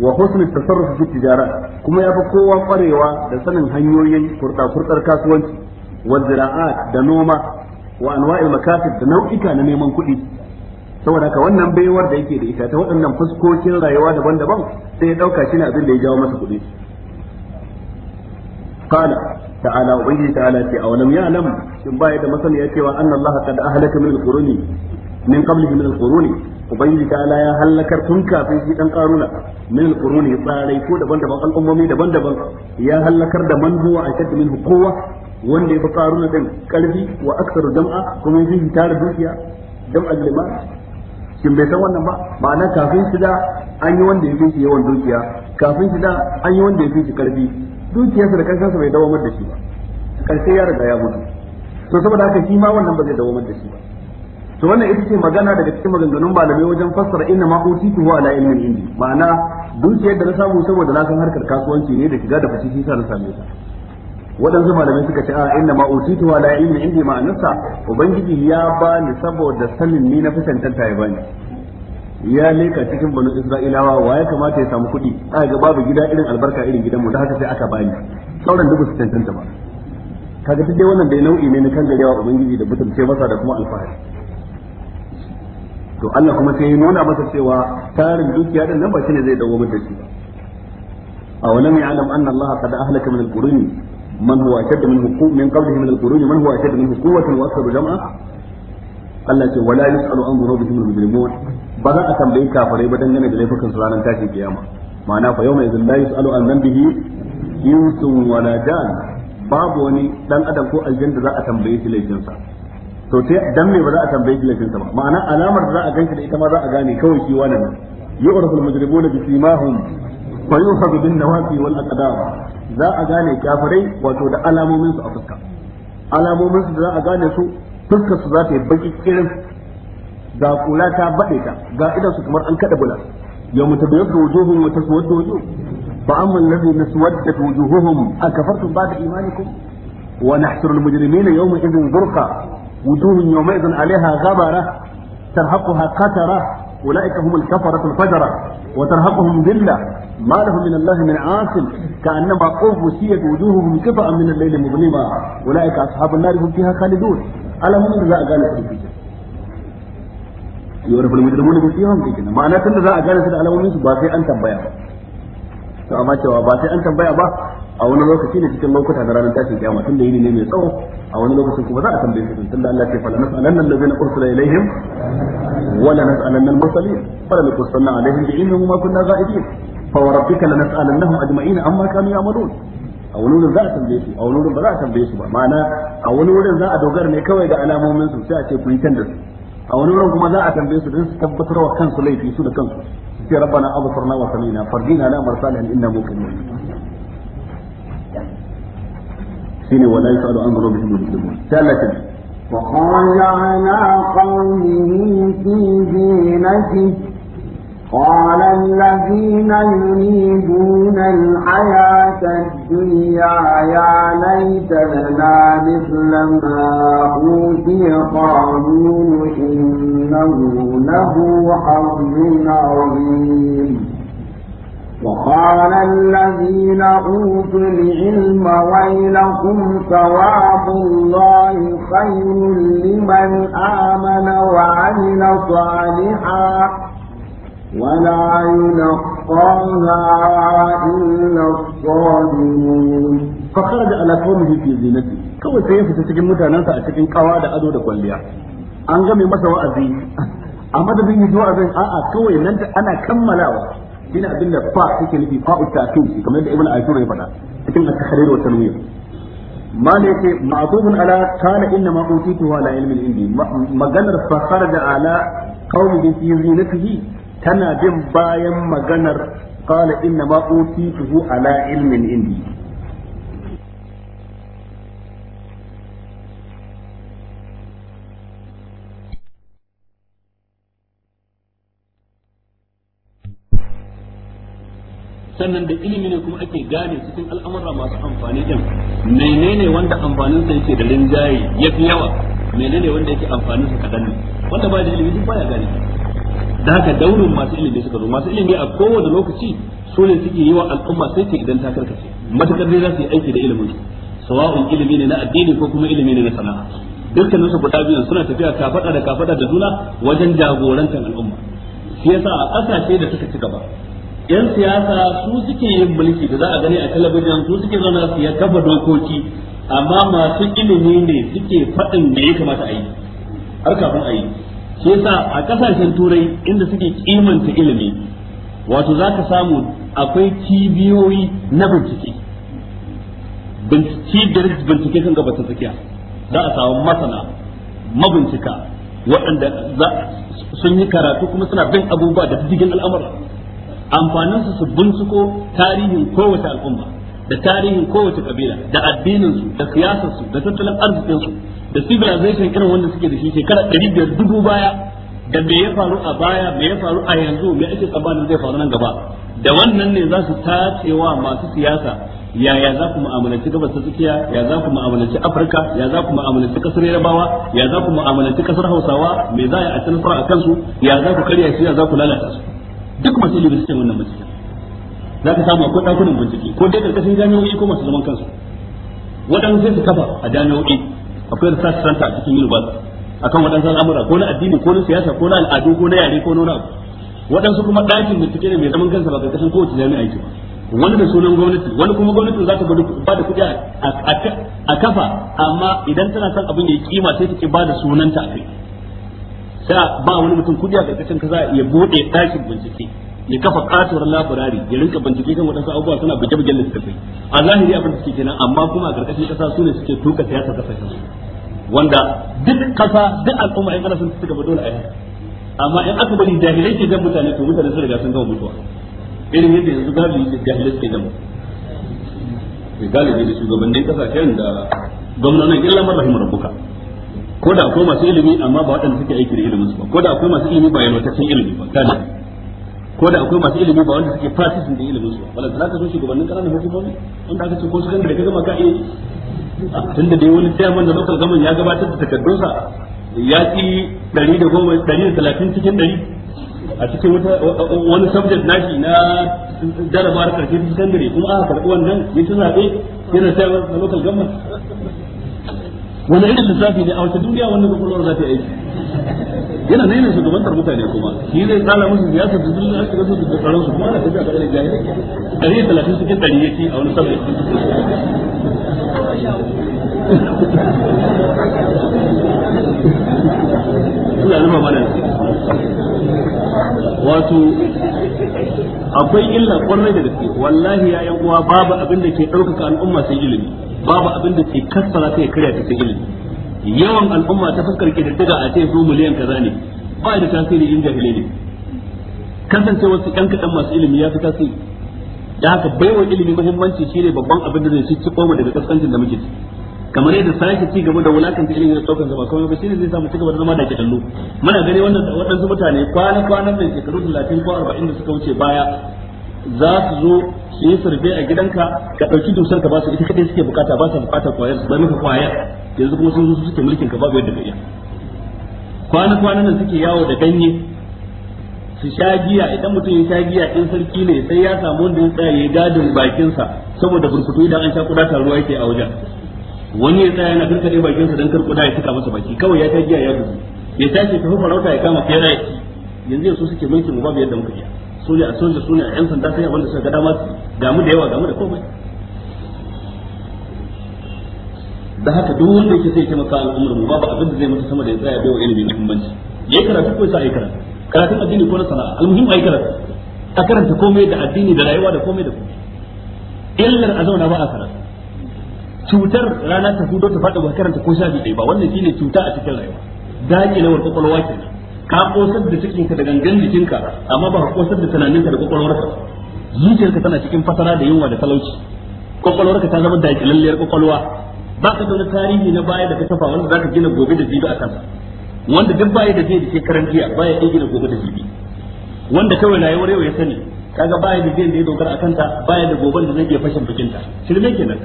wa husnul tasarruf fi tijara kuma yafi kowa kwarewa da sanin hanyoyin kurda kasuwanci wa zira'at da noma wa anwa'il makasib da nau'ika na neman kuɗi saboda ka wannan baiwar da yake da ita ta waɗannan fuskokin rayuwa daban-daban sai ya ɗauka shi ne abin da ya jawo masa kuɗi qala ta'ala wa yi ta'ala ce aw lam ya'lam shin da masaniya cewa anna allah qad ahlaka min al-quruni min qablihi min al-quruni ubangiji ta'ala ya halakar tun kafin shi karuna min al-quruni tsarai ko daban-daban al'ummomi daban-daban ya halakar da man huwa ashad wanda ya fi karuna din ƙarfi wa aksar jama'a kuma yafi tara dukiya dam al-liman kin bai san wannan ba ma'ana kafin shi da an yi wanda ya fi shi yawan dukiya kafin shi da an yi wanda ya fi shi karfi dukiyarsa da karfinsa bai dawo da shi ba karshe ya riga ya mutu to saboda haka shi ma wannan ba zai dawo da shi ba to wannan ita ce magana daga cikin maganganun malamai wajen fassara inna ma utitu wa ala ilmin indi ma'ana dukiyar da na samu saboda na san harkar kasuwanci ne da shiga da fashi shi sa na same ta waɗansu malamai suka ce a inna ma utitu wa la ilmi indi ma'anarsa ubangiji ya bani saboda sanin ni na fitantanta ya bani ya leka cikin banu isra'ilawa wa ya kamata ya samu kuɗi a ga babu gida irin albarka irin gidanmu da haka sai aka bani sauran duk su cancanta ba kaga duk dai wannan dai nau'i ne na kan garewa ubangiji da mutunce masa da kuma alfahari to Allah kuma sai ya nuna masa cewa tarin dukiya din nan ba shine zai dawo da shi ba awalam ya'lam anna Allah qad ahlaka min al qurun man huwa ashaddu minhu quwwatan min qawlihi min al-qurun man huwa ashaddu minhu quwwatan wa aktharu jam'a Allah ce wala yus'alu an dhunubihim al-mujrimun ba za a tambayi kafirai ba dangane da laifukan su ranar tashin kiyama ma'ana fa yawma idhin la yus'alu an dhanbihi insun wala jan babu wani dan za a to sai dan me ba za a tambaye shi ba ma'ana alamar da za a ganshi da ita ma za a gane kawai shi wannan yu'rafu al-mujrimuna bi simahum fa yuhadu bin nawafi wal aqdam za a gane kafirai wato da alamomin su a fuska alamomin su da za a gane su fuskar su za ta yi baki kirin ga kula ta bade ta ga idan su kamar an kada bula yawma tabayyadu wujuhum wa taswaddu wujuh fa amma alladhina taswaddat wujuhuhum akafartum ba'da imanikum wa nahsuru al-mujrimina yawma idhin burqa wujuhun yawma idhin 'alayha ghabara tarhaquha qatara أولئك هم الكفرة الفجرة وترهقهم ذلة ما لهم من الله من عاصم كأنما أغشيت وجوههم قطعا من الليل مظلما أولئك أصحاب النار هم فيها خالدون ألا من ذا أجال في يعرف المجرمون بسيهم كيكنا معناه كل ذا أجال في الألوانيس باسي أن تنبيع to amma cewa ba sai an tambaya ba a wani lokaci ne cikin lokuta da ranar tashin kiyama tunda yini ne mai tsawo a wani lokacin kuma za a tambaye su tunda Allah ya fara nas'alanna allazina ursila ilaihim wa la nas'alanna al-mursalin fala nuqsanna alaihim bi innahum ma kunna za'idin fa wa rabbika lanas'alannahum ajma'in amma kanu ya'malun a wani wurin za a tambaye su a wani wurin ba za a tambaye su ba ma'ana a wani wurin za a dogara ne kawai ga alamomin su sai a ce ku yi kan a wani wurin kuma za a tambaye su don su tabbatar wa kansu laifi su da kansu sai rabbana absarna wa sami'na farjina na marsalihan inna muqinun سنة ولا yusadu an dhunubihim المسلمون ثالثا وخرج على قومه في زينته قال الذين يريدون الحياة الدنيا يا ليت لنا مثل ما أوتي قارون إنه له حظ عظيم وقال الذين أوتوا العلم ويلكم ثواب الله خير لمن آمن وعمل صالحا ولا يلقاها إلا الصابرون فخرج على قومه في زينته kawai sai ya fita cikin mutanensa a cikin kawa da ado da kwalliya an game masa wa'azi a madadin yi wa'azin a'a kawai nan ana kammalawa shine abin da fa yake nufi fa kamar da ibn ashur ya faɗa cikin at-tahrir wa tanwir ma ne ala kana inna ma utitu ilmin indi maganar fa kharaja ala qaumin fi zinatihi tana bin bayan maganar qala inna ma ala ilmin indi sannan da ilimi ne kuma ake gane cikin al'amura masu amfani din menene wanda amfanin sa yake da linjaye yafi yawa menene wanda yake amfanin sa kadan ne wanda ba da ilimi duk baya gane da haka daurin masu ilimi suka zo masu ilimi a kowane lokaci su ne suke yi wa al'umma sai ce idan ta karkace matakar dai za su yi aiki da ilimin su sawa'un ilimi ne na addini ko kuma ilimi ne na sana'a dukkan su guda biyun suna tafiya kafada da kafada da juna wajen jagorantar al'umma shi yasa a ƙasashe da suka ci gaba yan siyasa su suke yin mulki da za a gani a talabijin su suke zama su ya kafa dokoki amma masu ilimi ne suke faɗin da ya kamata a yi har kafin a yi shi yasa a kasashen turai inda suke kimanta ilimi wato za ka samu akwai cibiyoyi na bincike cibiyar bincike kan gabata tsakiya za a samu masana mabincika waɗanda sun yi karatu kuma suna bin abubuwa da cikin al'amura amfanin su su binciko tarihin kowace al'umma da tarihin kowace kabila da addininsu da siyasarsu da tattalin arzikin su da civilization irin wanda suke da shi shekara biyar dubu baya da me ya faru a baya me ya faru a yanzu me ake tsammanin zai faru nan gaba da wannan ne za su tacewa masu siyasa yaya za ku mu'amalanci gabas ta tsakiya ya za ku mu'amalanci afirka ya za ku mu'amalanci kasar yarabawa ya za ku mu'amalanci kasar hausawa me za a yi a a kansu ya za ku karya su ya za ku lalata su duk masu ilimi suke wannan bincike za ka samu akwai ɗakunan bincike ko dai karkashin jami'o'i ko masu zaman kansu waɗansu sai su kafa a jami'o'i akwai research center a cikin university akan waɗansu al'amura ko na addini ko na siyasa ko na al'adu ko na yare ko na wani abu waɗansu kuma ɗakin bincike ne mai zaman kansa ba karkashin kowace jami'a yake ba wani da sunan gwamnati wani kuma gwamnatin za ta ba da kuɗi a kafa amma idan tana son abin da ya kima sai ta ke ba da sunanta a kai sai ba wani mutum kudi a karkashin kaza ya bude ɗakin bincike ya kafa katuwar laburari ya rinka bincike kan waɗansu abubuwa suna buge-bugen littattafai a zahiri abin da suke kenan amma kuma a karkashin kasa su ne suke tuka siyasar kasashen wanda duk kasa duk al'umma in ana sun suka ba dole a yi amma in aka bari jahilai ke jan mutane to mutane sun riga sun gama mutuwa irin yadda yanzu galibi jahilai suke jan mutane galibi da shugabannin kasashen da gwamnonin illa marrahimu rabbuka ko da akwai masu ilimi amma ba waɗanda suke aiki da ilimin su ba ko da akwai masu ilimi ba yalwataccen ilimi ba kana ko da akwai masu ilimi ba wanda suke fasisin da ilimin su ba wala za ka so shugabannin ƙananan hukumomi wanda aka ce ko su kan da ka gama ka iya ah, tun da dai wani chairman da local gaman ya gabatar da takardunsa ya ci ɗari da goma ɗari da talatin cikin ɗari a cikin wani subject nashi na jarabawar karfi ta sakandare kuma aka karɓi wannan ya ci zaɓe yana chairman da local government wani irin lissafi ne a wata duniya wannan kwakwalwar za ta aiki yana nan yana shugabantar mutane kuma shi zai tsala musu siyasa da duniya a cikin su da tsaron su kuma ana tafiya ga irin jahilai ɗari talatin suke ɗari ya ci a wani sabbin Allah ya mana wato akwai illa kwarai da gaske wallahi ya yan uwa babu abin da ke ɗaukaka al'umma sai ilimi babu abin da ke kassara ta ya karya ta ilimi yawan al'umma ta fuskar ke da tiga a ce su miliyan kaza ne ba da tasiri in jahilai ne kasancewar su ɗan kaɗan masu ilimi ya fi tasiri da haka baiwa ilimi muhimmanci shine babban abin da zai ci ci koma daga kaskancin da muke ci kamar yadda sake ci gaba da wulakanta ilimi da ɗaukar zama kuma ba shine zai samu ci gaba da zama da kitallo muna gani wannan waɗansu mutane kwana kwanan mai shekaru talatin ko arba'in da suka wuce baya za su zo su yi sarfe a gidanka ka ɗauki dusar ka ba su ita kadai suke bukata ba su bukatar kwayar su ba maka kwaya yanzu kuma sun zo suke mulkin ka babu yadda ka iya kwana kwanan nan suke yawo da ganye su sha giya idan mutum ya sha giya in sarki ne sai ya samu wanda ya tsaya ya gadin bakinsa saboda burkutu idan an sha kuda ruwa yake a wajen wani ya tsaya yana karkade bakinsa dan kar kuda ya saka masa baki kawai ya sha giya ya gudu ya tashi ta farauta ya kama fiye da yanzu yanzu suke mulkin babu yadda muka iya su ne a soja su ne a 'yan sanda sai wanda suka ga dama gamu da yawa gamu da komai da haka duk wanda yake sai taimaka al'ummar mu babu abin da zai mutu sama da ya tsaya bai wa ilimi muhimmanci yayi karatu ko ya sa sai karatu karatun addini ko na sana'a almuhim ayi karatu a karanta komai da addini da rayuwa da komai da komai illar a zauna ba a karatu cutar rana ta hudu ta faɗa ba karanta ko shafi ɗaya ba wannan shine cuta a cikin rayuwa dani na warkwakwalwa kenan ka kosar da cikinka da gangan jikinka amma ba ka kosar da tunaninka da kwakwalwarka zuciyarka tana cikin fasara da yunwa da talauci kwakwalwarka ta zama daƙilalliyar kwakwalwa ba ka da tarihi na baya da ka kafa wanda za ka gina gobe da jibi a kansa wanda duk baya da zai da shekaran baya iya gina gobe da jibi wanda kawai rayuwar yau ya sani kaga baya da zai da ya a kanta baya da goben da zai iya fashin bikinta shirme kenan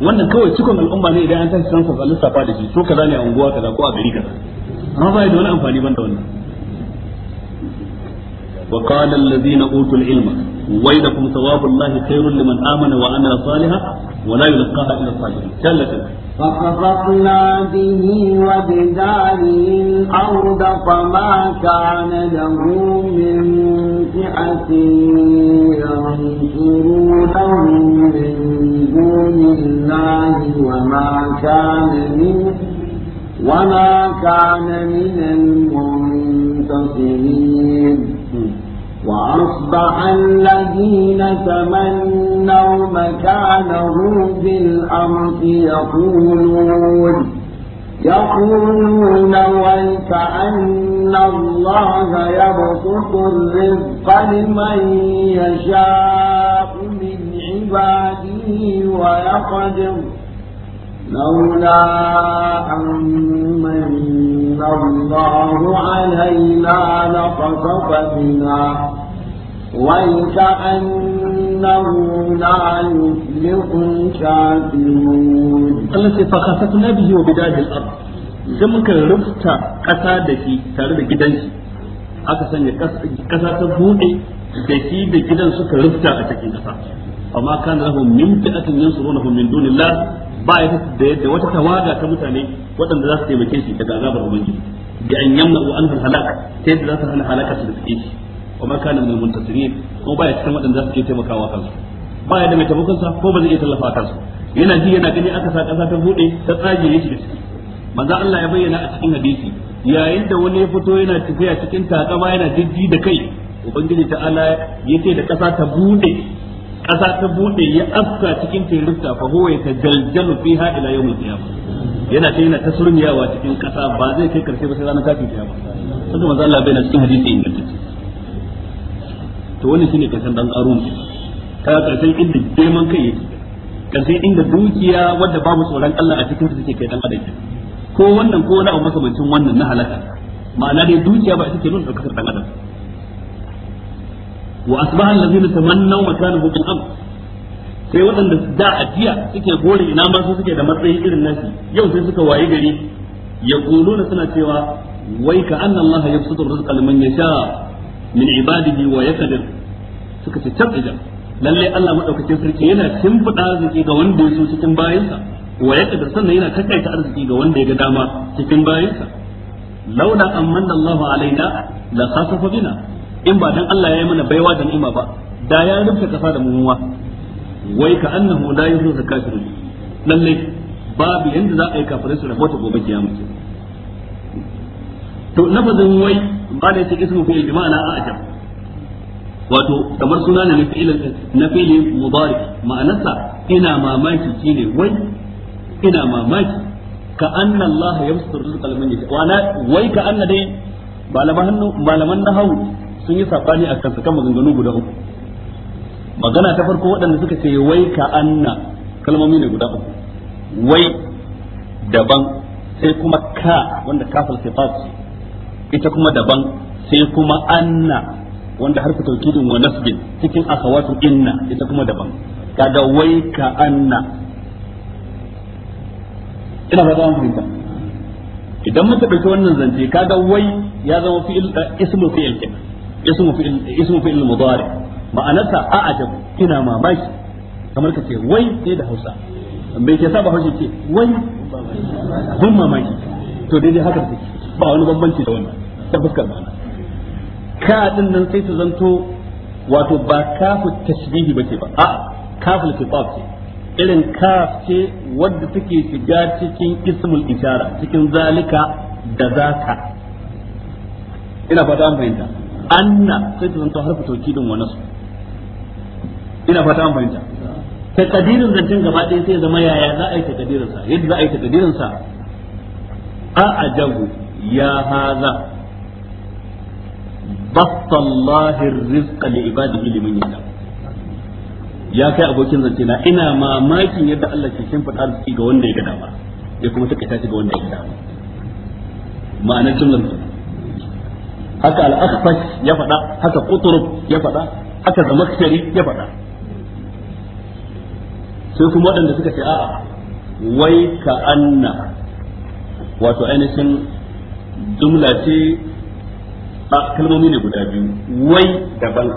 wannan kawai cikon al'umma ne idan an tashi san sa lissafa da shi to kaza ne a unguwa kaza ko a gari kaza amma ba da wani amfani banda wannan wa qala allazina utul ilma wailakum thawabullahi khairul liman amana wa amila salihan wa la yulqaha illa sabirin jallatan فخسفنا به وبداره الأرض فما كان له من فئة ينصرونه من دون الله وما كان وما كان من المنتصرين وأصبح الذين تمنوا مكانه بالأمس يقولون يقولون أن الله يبسط الرزق لمن يشاء من عباده ويقدر لولا أن من الله علينا لخسف بنا وكأنه لا يفلح الكافرون التي فخسفنا به وبداد الأرض sai muka rufta ƙasa da shi tare da gidansu aka sanya ƙasa ta buɗe da shi da gidan suka rufta a cikin ƙasa amma kana lahum min fi'atin yansurunahum min dunillah ba ya da yadda wata tawaga ta mutane waɗanda za su taimake shi daga azabar ubangiji bi an yamna wa an halaka ta yadda za su hana halaka su da suke shi wa ma kana min muntasirin ko ba ya cikin waɗanda za su ke taimakawa kansu ba ya da mai taimakon sa ko ba zai iya tallafa kansu yana ji yana gani aka sa ƙasa ta buɗe ta tsage ya shiga ciki manzo Allah ya bayyana a cikin hadisi yayin da wani ya fito yana tafiya cikin takama yana jijji da kai ubangiji ta'ala yace da ƙasa ta buɗe ƙasa ta bude ya afka cikin tirista fa huwa tajaljalu fiha ila yawmil qiyamah yana ta yana ta surmiyawa cikin ƙasa ba zai kai karshe ba sai ranar kafin kiyama saboda manzo Allah bai na cikin hadisi ingantacce to wannan shine kasan dan arun ta karshen inda geman kai yake karshen inda dukiya wanda babu tsoron Allah a cikin ta take kai dan adam ko wannan ko wani abu makamancin wannan na halaka ma'ana dai dukiya ba ita ke nuna kasar dan adam wa asbaha allazina tamannaw makanahu bil amr sai waɗanda da ajiya suke gore ina ma su suke da matsayi irin nasi yau sai suka waye gari ya kuluna suna cewa wai ka anna allaha yabsutu rizqa liman yasha min ibadihi wa yaqdir suka ce tabida lalle Allah madaukakin sarki yana shimfiɗa arziki ga wanda ya so cikin bayansa wa yaqdir sannan yana takaita arziki ga wanda ya ga dama cikin bayansa laula amanna Allahu alaina la khasafa bina in ba dan Allah ya yi mana baiwa da ni'ima ba da ya rufe kasa da mumuwa wai ka annahu la yuzu zakatun lalle babu yanda za a yi kafirai su rabota gobe kiyama to nafazin wai ba da yake ismu fi'il bima'ana a'jab wato kamar suna ne na fi'il na fi'il mudari ma'anarsa ina mamaki shine wai ina mamaki ka anna Allah yamsur rizqa liman yasha wala wai ka anna dai malaman hannu malaman nahawu sun yi sabani a kansa kan maganganu guda uku magana ta farko waɗanda suka ce wai ka anna kalmomi ne guda uku wai daban sai kuma ka wanda kafal sifat ita kuma daban sai kuma anna wanda harfi taukidin wa nasbin cikin akhawatu inna ita kuma daban kaga wai ka anna ina ba za mu fahimta idan muka dauki wannan zance kaga wai ya zama fi'il eh, ismul fi'il kenan ismu fi'il ina mamaki kamar ka ce wai sai da Hausa bai ke saba ce wai ban mamaki to dai haka take ba wani bambanci da wannan ta fuskar ma'ana ka din nan sai ta zanto wato ba kafu tashbihi bace ba a kaful khitab ce irin kaf ce wadda take shiga cikin ismul ishara cikin zalika da zaka ina fata anna sai ta zanto harfa taukidin wa nasu ina fata an fahimta takadirin zancen gaba ɗaya sai zama yaya za a yi takadirin sa yadda za a yi takadirin sa a ajabu ya haza basallahi rizqa li ibadihi liman yasha ya kai abokin zance na ina mamakin yadda Allah ke shimfiɗa fada ga wanda ya ga dama ya kuma take ta ga wanda ya ga dama ma'anar jumlar haka al-akhfash ya faɗa haka qutrub ya faɗa haka zamakshari ya faɗa sai kuma waɗanda suka ce a'a wai ka anna wato ainihin jumla ce a kalmomi ne guda biyu wai daban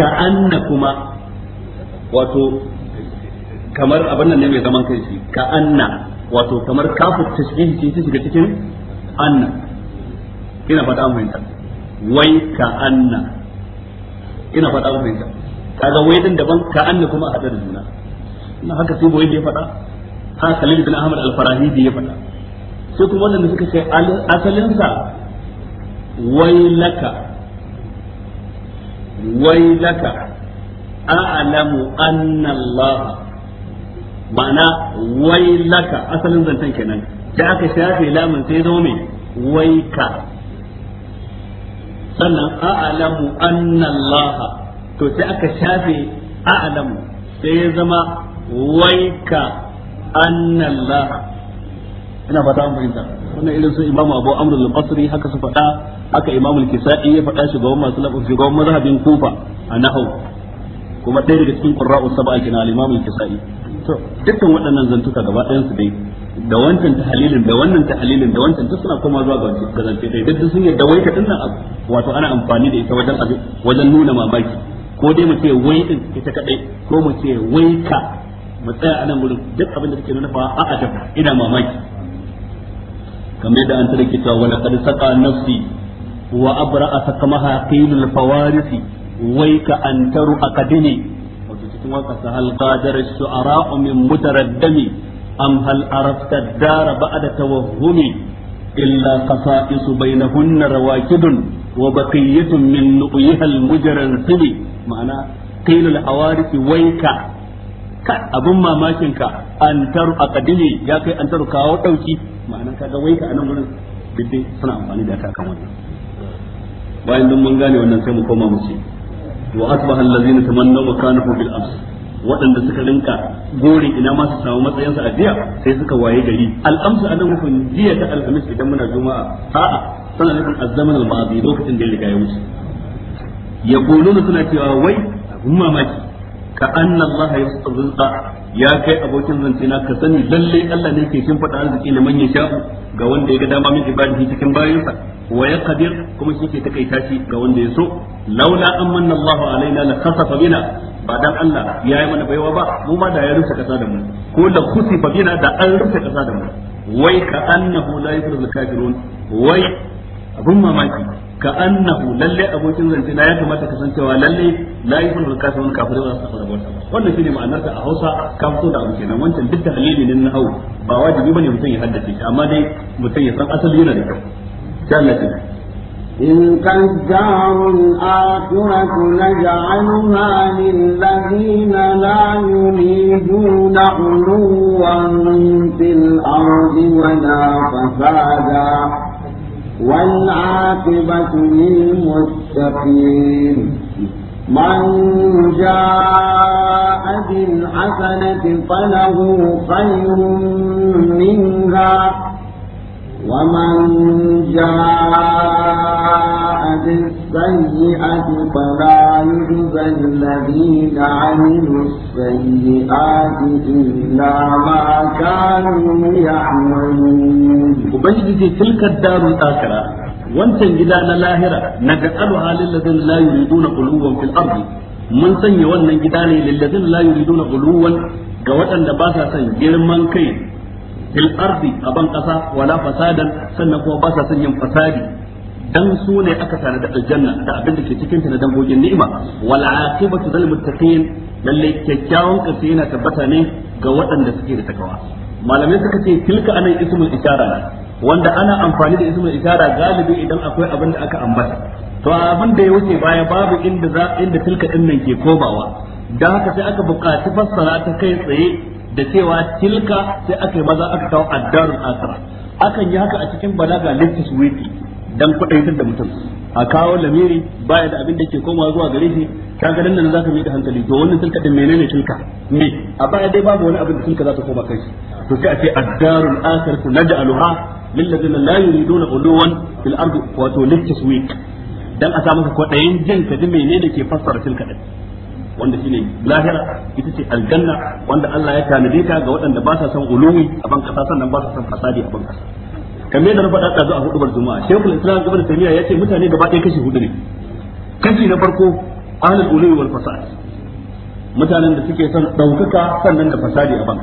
ka anna kuma wato kamar abin nan ne mai zaman kai shi ka anna wato kamar kafin tashihi shi ta shiga cikin anna ina faɗa an fahimta wai ka anna ina fata an fahimta kaga wai din daban ka anna kuma a da juna ina haka sai boye ya faɗa, ha Khalil bin Ahmad al-Farahidi ya faɗa. sai kuma wanda suka ce asalin sa wai laka wai laka a'lamu anna Allah ma'ana wai laka asalin zantan kenan da aka shafe lamun sai zo mai wai ka sannan a'lamu anna Allah to sai aka shafe a'lamu sai ya zama waika anna Allah ina fata an fahimta wannan irin su imamu abu amr al haka su faɗa haka imamu al-kisai ya faɗa shugaban masu lafi shugaban mazhabin kufa a nahau kuma ɗaya daga cikin qurra'u sab'a kina al-imamu al-kisai to dukkan waɗannan zantuka gaba ɗayan su dai da wancan tahlilin da wannan tahlilin da wancan duk suna koma zuwa ga gazance dai duk sun yadda wai ka dinnan abu wato ana amfani da ita wajen abin wajen nuna mamaki ko dai mu ce wai din ita kadai ko mu ce wai ka mu tsaya a nan gurin duk abin da take nuna fa a'a da ina mamaki kamar yadda an tare ke cewa wala qad saqa nafsi wa abra'a sakamaha qilul fawarisi wai ka antaru akadini wato cikin waka sahal qadar shu'ara min mutaraddami am hal arafta dara ba'da tawahhumi illa qasa'isu bainahunna rawakidun wa baqiyatun min nu'yiha al-mujran ma'ana qila al-hawarith wayka ka abun mamakin an taru aqdili ya kai an taru kawo dauki ma'ana kaga wayka anan gurin didde suna amfani da ta kan bayan dun mun gane wannan sai koma asbaha allazina amsi waɗanda suka rinka gori ina ma su samu matsayinsu a jiya sai suka waye gari al'amsu a nan nufin jiya ta alhamis idan muna juma'a a'a suna nufin azzaman al lokacin da ya riga ya wuce ya suna cewa wai abun mamaki ka anna ya fi ya kai abokin zance na ka sani lalle Allah ne ke shimfiɗa arziki liman ya sha ga wanda ya ga dama min ibadihi cikin bayansa wa ya kuma shi ke takaita shi ga wanda ya so laula amanna Allah alaina la khasafa bina ba dan Allah ya yi mana baiwa ba mu ma da ya rufe kasa da mu ko la kusifa bina da an rufe kasa da mu wai ka annahu la yufrul kafirun wai abun mamaki ka annahu lalle abokin zance na ya kamata ka san cewa lalle la yufrul kafirun kafirin za su fara bauta wannan shine ma'anar ta a Hausa ka fito da abu kenan wancan duk tahlili ne na hawu ba wajibi bane mutum ya haddace shi amma dai mutum ya san asali yana da kyau sai Allah ya تلك الدار الآخرة نجعلها للذين لا يريدون علوا في الأرض ولا فسادا والعاقبة للمتقين من جاء بالحسنة فله خير منها ومن جاء بالسيئة فلا يجزى الذين عملوا السيئات إلا ما كانوا يعملون وبنجي تلك الدار الآخرة wancan gida na lahira na ga aluha layu la yuriduna quluwan fil ardi mun sanya wannan gida ne lillazin la yuriduna quluwan ga waɗanda ba sa son girman kai fil ardi a ban ƙasa wala fasadan sannan kuma ba sa son yin fasadi dan su ne aka tare da aljanna da abin da ke cikin ta na dangogin ni'ima wal aqibatu lil muttaqin lalle kyakkyawan kace yana tabbata ne ga waɗanda suke da takawa malamai suka ce tilka anan ismul isara wanda ana amfani da ismul isara galibi idan akwai abin da aka ambata to abin da ya wuce baya babu inda za inda tilka din nan ke kobawa dan haka sai aka buƙaci fassara ta kai tsaye da cewa tilka sai aka yi maza aka kawo addarul asra akan yi haka a cikin balaga littaswiti dan kudaitar da mutum a kawo lamiri baya da abin da ke komawa zuwa gare shi ka ga nan zaka mai da hankali to wannan tilka din menene tilka me a baya dai babu wani abin da tilka za ta koma kai to sai a ce ad-darul akhiratu naj'aluha lil ladina la yuriduna uluwan fil ard wa to litaswiq dan a samu kwadayin jin ka din menene ke fassara tilka din wanda shine lahira ita ce aljanna wanda Allah ya tanade ta ga waɗanda ba sa son uluwi a ban kasa sannan ba sa son fasadi a ban kasa kamar yadda na faɗa ɗazu a hudubar juma'a shekul islam gaba da tamiya ya ce mutane gaba ɗaya kashi hudu ne kashi na farko ahlul ulayi wal fasad mutanen da suke son ɗaukaka sannan da fasadi a ban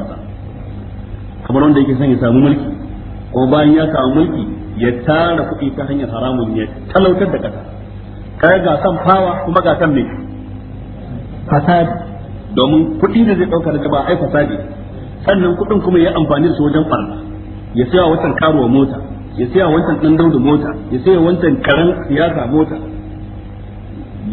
kamar wanda yake son ya samu mulki ko bayan ya samu mulki ya tara kuɗi ta hanyar haramun ya talautar da ƙasa kai ga san fawa kuma ga san me fasadi domin kuɗi da zai ɗauka da ba ai fasadi sannan kuɗin kuma ya amfani da su wajen ɓarna ya saya wancan karuwa mota ya saya wancan dan daudu mota ya saya wancan karan siyasa mota ya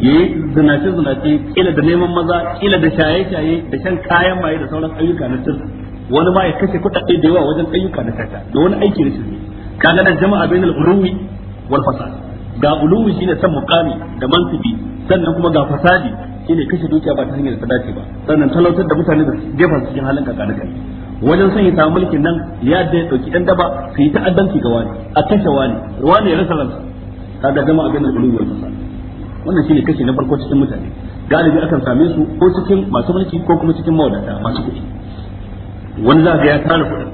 yi zinace zinace kila da neman maza kila da shaye shaye da shan kayan maye da sauran ayyuka na sirri wani ma ya kashe kuɗaɗe da yawa wajen ayyuka na tata da wani aiki na sirri kaga da jama'a bainal ulumi wal fasad ga ulumi shine san mukami da mansibi sannan kuma ga fasadi shine kashe dukiya ba ta hanyar da ta dace ba sannan talautar da mutane da jefa cikin halin kaka da kai wajen son ya samu mulkin nan ya da ya dauki ɗan daba su yi ta'addanci ga wani a kashe wani wani ya rasa ransa kaga zama abin da kulubuwar kasa wannan shine kashe na farko cikin mutane galibi akan same su ko cikin masu mulki ko kuma cikin mawadata masu kuɗi wani za ga ya tara kuɗin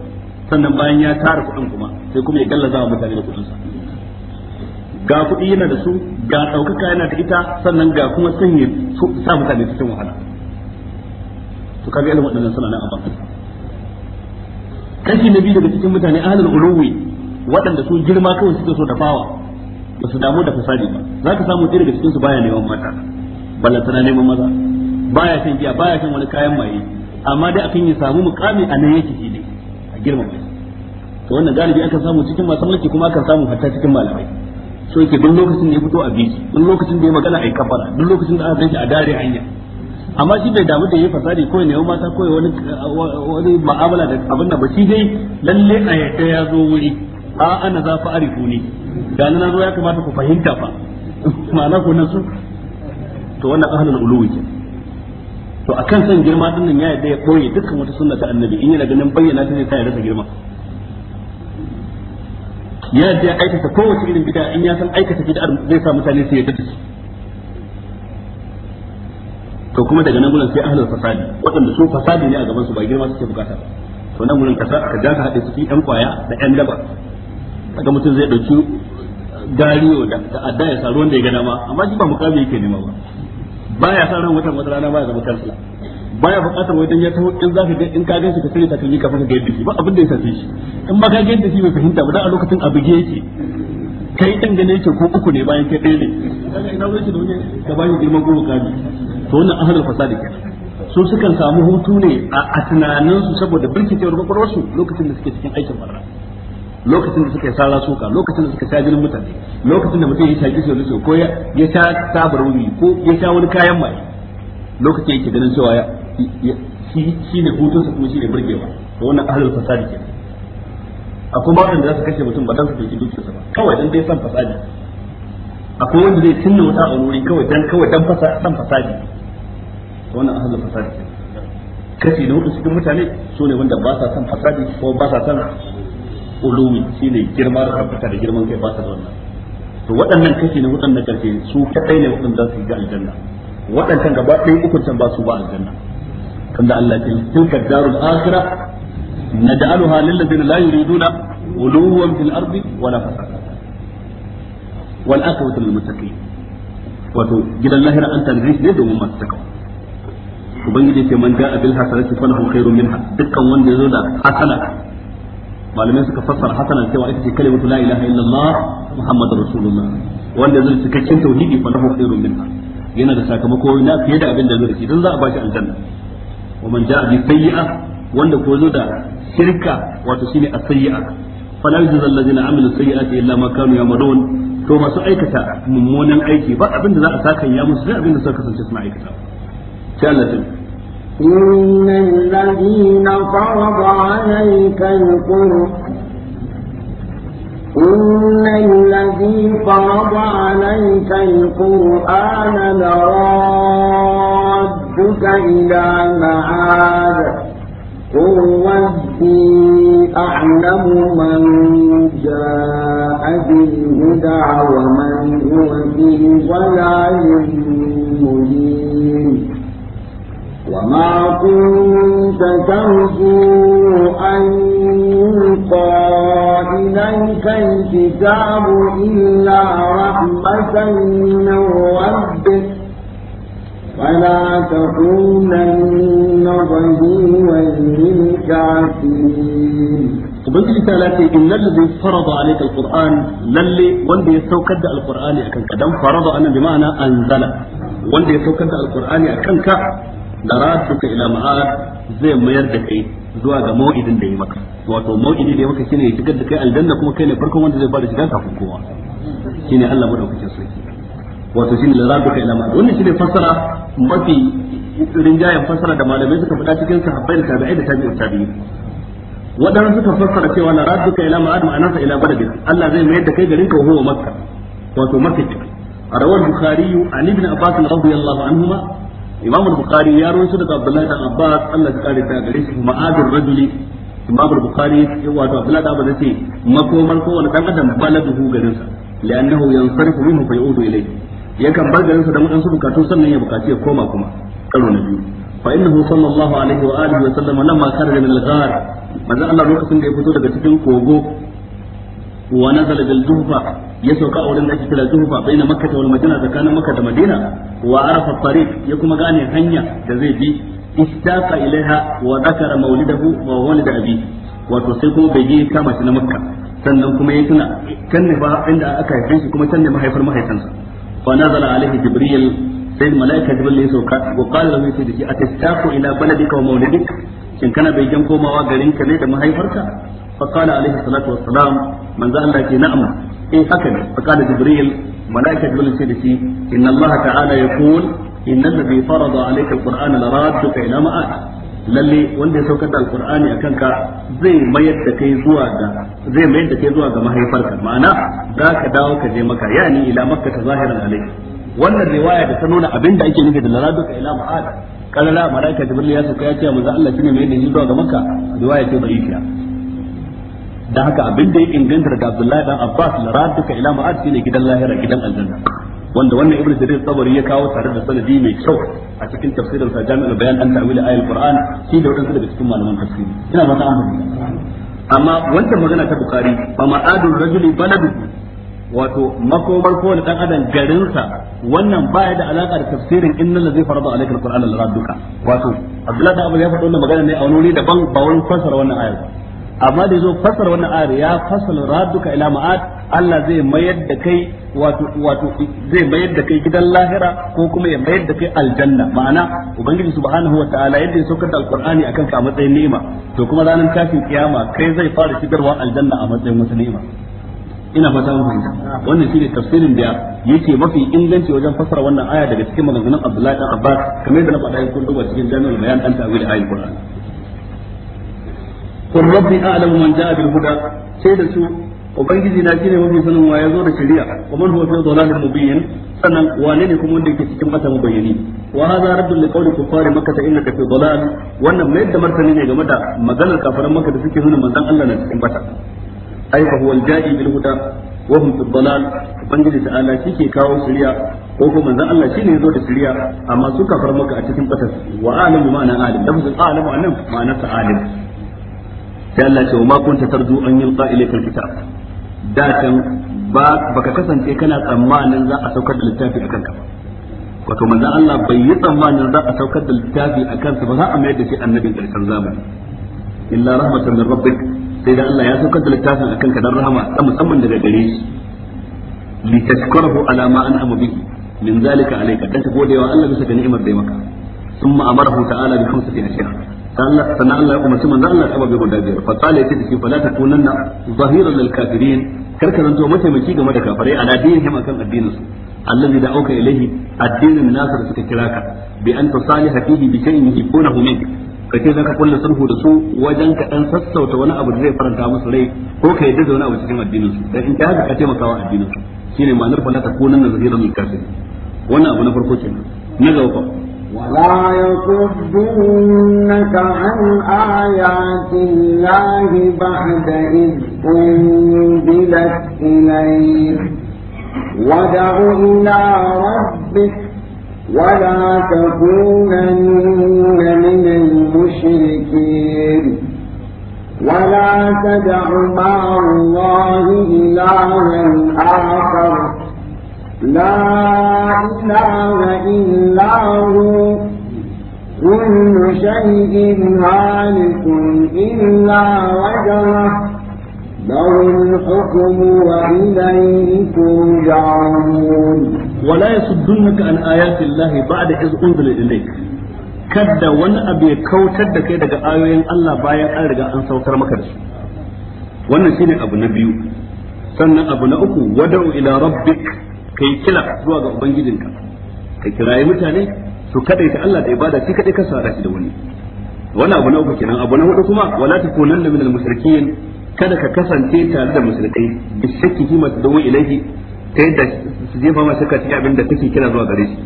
sannan bayan ya tara kuɗin kuma sai kuma ya gallaza wa mutane da kuɗinsa ga kuɗi yana da su ga ɗaukaka yana da ita sannan ga kuma yi sa mutane cikin wahala to kaga irin waɗannan suna nan a bankan kashi na biyu daga cikin mutane ahlul uluwi waɗanda su girma kawai suke so da fawa ba su damu da fasadi ba za ka samu ɗaya daga cikin su baya neman mata balla tana neman maza baya shan giya baya shan wani kayan maye amma dai akan ya samu mukami a nan yake shine a girma mai to wannan galibi aka samu cikin masu mulki kuma aka samu hatta cikin malamai so yake duk lokacin da ya fito a biki duk lokacin da ya magana ai kafara duk lokacin da aka ganshi a dare hanya amma shi bai damu da yi fasari ko ne mata ko wani wani mu'amala da abin da ba shi dai lalle a yadda ya zo wuri a ana za fa arifu ne da na zo ya kamata ku fahimta fa ma'ana ko nasu to wannan ahlul uluwi kenan to a kan son girma din nan ya yadda ya koye dukkan wata sunna ta annabi in yana ganin bayyana ta ne ta yarda girma ya yadda ya aikata kowace irin bid'a in ya san aikata bid'ar zai sa mutane su yarda da to kuma daga nan gurin sai ahlul fasadi waɗanda su fasadi ne a gaban su ba girma suke bukata to nan gurin kasa aka ja ka haɗe su ɗan kwaya da ɗan daba kaga mutum zai dauki gariyo da adda ya sa wanda ya ga dama amma shi ba mukami yake nema ba baya sa ran watan wata rana baya zama kansila baya bukatar wai dan ya taho in zaka ga in ka ga shi ka sani takalmi kafin ka yadda shi ba abin da ya sace shi in ba ka ga yadda shi bai fahimta ba dan a lokacin abu yake kai dan gane yake ko uku ne bayan kai ɗaya ne kaga ina zai ce da wani ka bani girman gurbu kabi to wannan ahlul fasadi kenan su sukan samu hutu ne a tunanin su saboda birkicewar kwakwalwar su lokacin da suke cikin aikin barra lokacin da suka yi sara suka lokacin da suka sha jinin mutane lokacin da mutum ya shaki sau ko ya sha tabar wuri ko ya sha wani kayan maye lokacin yake ganin cewa shi ne hutunsa kuma shi ne birgewa to wannan ahlul fasadi kenan akwai matan da za su kashe mutum ba dan su dauki dukiyarsa ba kawai dan dai san fasadi akwai wanda zai cinna wuta a wuri kawai dan kawai dan san fasadi wannan ahlul fasad kashi na hudu cikin mutane su ne wanda ba sa son fasadi ko ba sa son ulumi shine girma da tabbata da girman kai ba sa da wannan to waɗannan kashi na hudun na karshe su kadai ne waɗanda za su ga aljanna waɗancan gaba ɗaya ukun can ba su ba aljanna kanda Allah ya tilka darul akhirah naj'aluha lil ladina la yuriduna uluwan fil ardi wala fasada wal aqwatu lil muttaqin wato gidan lahira an tanzih ne domin masu takawa ubangiji ce man ja'a bil hasanati falahu khairun minha dukkan wanda yazo da hasana malamai suka fassara hasana cewa ita ce kalimatu la ilaha illallah muhammadur rasulullah wanda zai cikakken tauhidi falahu khairun minha yana da sakamako na fiye da abin da zai ci dan za a bashi aljanna wa man ja'a bi sayyi'a wanda ko zo da shirka wato shine as-sayyi'a fala yujza allazina amilu sayyi'ati illa ma kanu yamalun to masu aikata mummunan aiki ba abin da za a saka ya musu sai abin da suka kasance suna aikata sai Allah إن الذين فرض عليك القرآن إن الذي فرض عليك القرآن لرادك إلى معاد قل ربي أعلم من جاء بالهدى ومن هو في ضلال مبين وما كنت ترجو أن يلقى إليك الكتاب إلا رحمة من ربك فلا تكونن ظهيرا للكافرين ubangiji ta in lati innal ladhi farada al alquran lalle wanda ya saukar da Al-ƙur'ani alqur'ani akan ka dan farada annabi ma'ana anzala wanda ya saukar da Al-ƙur'ani alqur'ani akan ka daratuka ila ma'ad zai mayar da kai zuwa ga mau'idin da ya maka wato mau'idi da ya maka shine ya shigar da kai aljanna kuma kai ne farkon wanda zai ba da shiga kafin kowa shine Allah madaukakin sarki wato shine daratuka ila ma'ad wannan shine fassara mafi rinjayen fassara da malamai suka faɗa cikin sahabbai da tabi'ai da tabi'ut tabi'in waɗansu suka fassara cewa la radduka ila ma'ad ma'anarsa ila baladin Allah zai mayar da kai garin ka huwa makka wato makka a rawar bukhari an ibn abbas radiyallahu anhuma imam al ya rawaito daga abdullahi da abbas Allah ya kare ta gare shi makomar kowane dan adam baladuhu garin sa li'annahu yansarifu minhu yakan bar garin da wadansu bukatu sannan ya bukaci ya koma kuma karo na biyu fa innahu sallallahu Allah lokacin da ya cikin kogo ya sauka a wurin da ake kira zuhufa baina makka wal madina tsakanin makka da madina wa arafa tariq ya kuma gane hanya da zai bi ishtaqa ilaiha wa dhakara maulidahu wa walida abi wato sai kuma bai je kama shi na makka sannan kuma ya tuna kan ne ba inda aka haife shi kuma can ne mahaifar mahaifansa fa nazala alaihi jibril sai malaika jibril ya sauka wa qala lahu sai dace atastaqu ila baladika wa maulidik shin kana bai jan komawa garinka ne da mahaifarka fa qala alaihi salatu wassalam manzo Allah ke na'am eh haka ne fakala jibril malaika jibril sai da shi inna allaha ta'ala yaqul inna allazi farada alayka alqur'ana laraduka ila ma'ad lalle wanda ya saukar da alqur'ani akan ka zai mayar da kai zuwa ga zai mayar da kai zuwa ga mahaifarka ma'ana za ka dawo ka je maka yani ila makka ta zahiran alayka wannan riwaya da ta nuna abin da ake nufi da laraduka ila ma'ad kalala malaika jibril ya sauka ya ce manzo Allah shine mai da zuwa ga makka riwaya ce da'ifiya da haka abin da ya inganta daga Abdullahi dan Abbas la raduka ila ma'ad shine gidan lahira gidan aljanna wanda wannan Ibn Jarir Tabari ya kawo tare da sanadi mai kyau a cikin tafsirin sa Jami'ul Bayan an ta'wil ayatul Qur'an shi da wadansu daga cikin malaman tafsiri ina ba ta amma wannan magana ta Bukhari fa ma'adul rajuli baladu wato makomar kowane dan adam garinsa wannan baya da alaka da tafsirin innal ladzi farada alayka alqur'ana la radduka wato Abdullahi da Abu ya faɗo wannan magana ne a wani wuri daban ba wurin fassara wannan ayar amma da zo fasar wannan ayar ya fasal radduka ila ma'ad Allah zai mayar da kai wato wato zai mayar da kai gidan lahira ko kuma ya mayar da kai aljanna ma'ana ubangiji subhanahu wataala yadda ya saukar da alqur'ani akan ka a matsayin ni'ima to kuma ranar tashin kiyama kai zai fara shigarwa aljanna a matsayin wata ni'ima ina fata mun fahimta wannan shine tafsirin da yake mafi inganci wajen fasara wannan aya daga cikin maganganun Abdullahi dan Abbas kamar da na faɗa yankun duba cikin Jami'ul Bayan dan ta'wil ayatul Qur'an qul rabbi a'lamu man ja'a bil da su ubangiji na shine mafi sanin wa yazo da shari'a kuma huwa fi dhalalin mubin sannan wane ne kuma wanda yake cikin mata mubayyani wa hadha raddul liqawli kuffari makkah innaka fi dhalal wannan mai da martani ne game da maganar kafiran makkah da suke nuna manzon Allah na cikin mata ai fa huwa al wa hum fi dhalal ubangiji ta'ala shike kawo shari'a ko kuma manzon Allah shine da a cikin mata wa alamu ma'ana alim lafzul anan ma'ana ta'alim sai Allah ce ma kunta tarju an yulqa ilayka alkitab da can ba baka kasance kana tsammanin za a saukar da littafi akan ka wato manzon Allah bai yi tsammanin za a saukar da littafi akan sa ba za a mayar da shi annabin karshen zamani illa rahmatan min rabbik sai da Allah ya saukar da littafin akan ka dan rahama ta musamman daga gare shi li tashkurahu ala ma an'ama bihi min zalika alayka dan ta gode Allah bisa ga ni'imar da ya maka ثم أمره تعالى بخمسة أشياء Allah sannan Allah ya umarci manzon Allah sababi guda biyar fa qala yati shi fala takunanna zahiran lil kafirin kar ka zanto mataimaki game da kafirai ala dinihim akan addinin su allazi da auka ilahi addinin nasu da suka kira ka bi an tusaliha fihi bi shay'in yuhibbunahu mink ka ce zaka kulla sulhu da su wajen ka dan sassauta wani abu da zai faranta musu rai ko ka yadda wani abu cikin addinin su dan in ka haka ka taimakawa addinin su shine ma'anar fala takunanna zahiran lil kafirin wannan abu na farko kenan na gaba ولا يصدنك عن آيات الله بعد إذ أنزلت إليك ودع إلى ربك ولا تكونن من المشركين ولا تدع مع الله إلها آخر لا إله إلا هو كل شيء هالك إلا وجهه له الحكم وإليه ترجعون ولا يصدنك عن آيات الله بعد إذ أنزل إليك Kadda wani abu ya kautar da kai daga ayoyin Allah bayan an riga an saukar maka da su wannan shine abu na biyu sannan abu na uku wada'u ila rabbik kai kila zuwa ga ubangijinka ka kirayi mutane su kadai ta Allah da ibada shi kadai ka sada shi da wani wani abu na uku kenan abu na hudu kuma wala takunanna minal mushrikin kada ka kasance tare da musulmai bi shakki fi masdumu ilayhi ta yadda su jefa masa shakka cikin abin da kake kira zuwa gare shi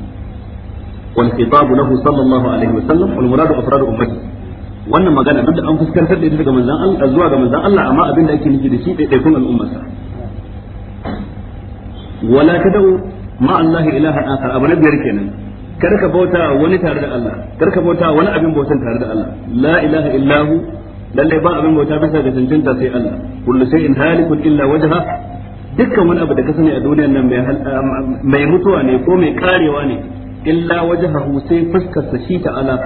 wal khitabu lahu sallallahu alaihi wasallam wal muradu afradu ummati wannan magana duk da an fuskantar da ita daga manzon Allah zuwa ga manzon Allah amma abin da ake nufi da shi daidaikun al'ummarsa wala tad'u ma Allah ilaha akhar abu na biyar kenan kar bauta wani tare da Allah kar bauta wani abin bautan tare da Allah la ilaha illahu lalle ba abin bauta bisa ga cancanta sai Allah kullu shay'in halikun illa wajha dukkan wani abu da ka sani a duniyar nan mai mutuwa ne ko mai karewa ne illa wajhahu sai fuskar sa shi ta'ala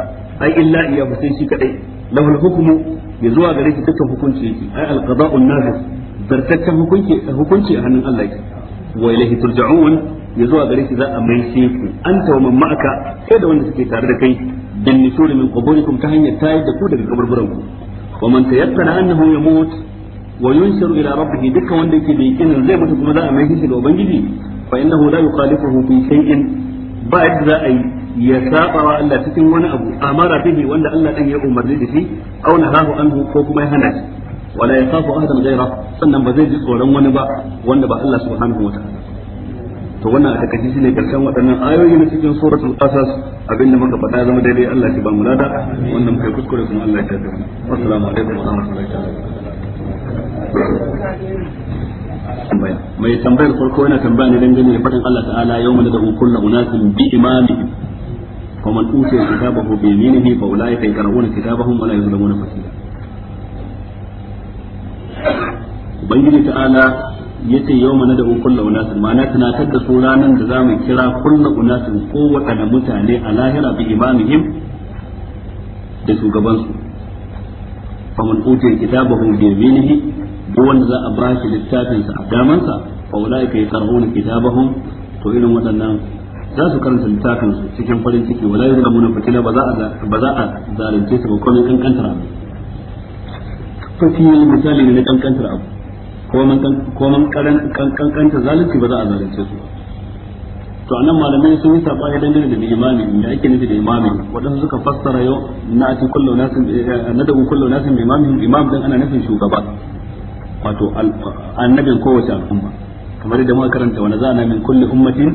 ai illa iya sai shi kadai lahul hukmu ya zuwa gare shi dukkan hukunci ai zartaccen hukunci a hannun Allah wa ilaihi turja'un ya zuwa gare ki za a mai shi ku an wa ma'aka kai da wanda suke tare da kai dan nishuri min quburikum ta hanyar tayar da ku daga kaburburan ku wa man tayakkana annahu yamut wa yunshiru ila rabbih duka wanda yake da yakinin zai mutu kuma za a mai shi ga ubangiji fa innahu la yukhalifuhu fi shay'in ba yadda za a yi ya saba wa Allah cikin wani abu amara bihi wanda Allah dan ya umarni da shi aw nahahu anhu ko kuma ya hana shi wala yakhafu ahadan ghayra sannan ba zai ji tsoron wani ba wanda ba Allah subhanahu wa ta'ala to wannan a takaice shine karshen waɗannan ayoyi na cikin suratul qasas abinda muka faɗa zama daidai Allah ya ba mu lada wannan kai kuskure kuma Allah ya tafi assalamu alaikum wa rahmatullahi ta'ala mai tambayar farko yana tambaya ne dangane da faɗin Allah ta'ala yawma nad'u kullu unasin bi imamihim ومن أوتي كتابه بيمينه فأولئك يقرؤون كتابهم ولا يظلمون فتيلا ubangiji ta'ala yace yawma nad'u kullu unasin ma'ana tunatar da su ranan da za mu kira kullu unasin ko waɗanda mutane a lahira bi imamihim da shugaban su faman utiya kitabahu bi yaminihi duk wanda za a bar shi littafin sa a daman sa fa ulaika yaqra'una kitabahum to irin waɗannan. za su karanta littafin su cikin farin ciki wala yuzlamuna fatila ba za a ba za a zalunce su ba komai kankantar abu to shi misali ne na kankantar abu koman koman kankanta zalunci ba za a zalunce su to anan malamai sun yi sabani dangane da imami da ake nufi da imami wadansu suka fassara yau na ati kullu nasin nadabu kullu nasin bi eh, imam dan ana nufin shugaba wato annabin kowace al'umma kamar da muka karanta wa nazana min kulli ummatin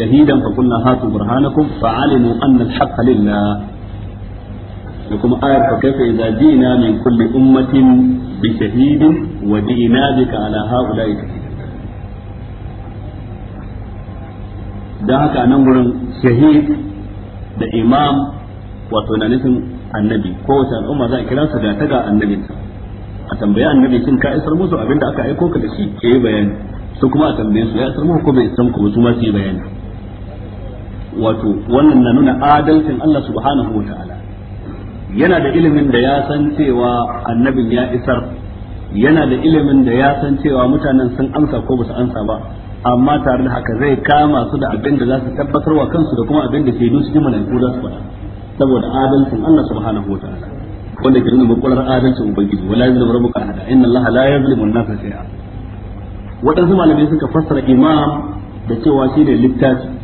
shahidan fa kunna hatu burhanakum fa alimu anna al-haqqa lillah da kuma ayar fa kaifa idza jina min kulli ummatin bi shahidin wa ji'na bika ala ha'ula'i dan haka nan gurin shahid da imam wato na nufin annabi kowace al'umma za a kira su da ta ga annabinsa a tambayi annabi shin ka isar musu abin da aka aiko ka da shi ke yi bayani su kuma a tambaye su ya isar muku ko bai isar muku su ma su yi bayani wato wannan na nuna adalcin Allah subhanahu wa ta'ala yana da ilimin da ya san cewa annabin ya isar yana da ilimin da ya san cewa mutanen sun amsa ko basu amsa ba amma tare da haka zai kama su da abin da za su wa kansu da kuma abin da shaidu su jima lanku za su faɗa saboda adalcin Allah subhanahu wa ta'ala wanda ke nuna makular adalcin ubangiji wala yazlimu rabbuka ahada inna Allah la yazlimu an-nasa shay'a wadansu malamai suka fassara imam da cewa shi ne littafi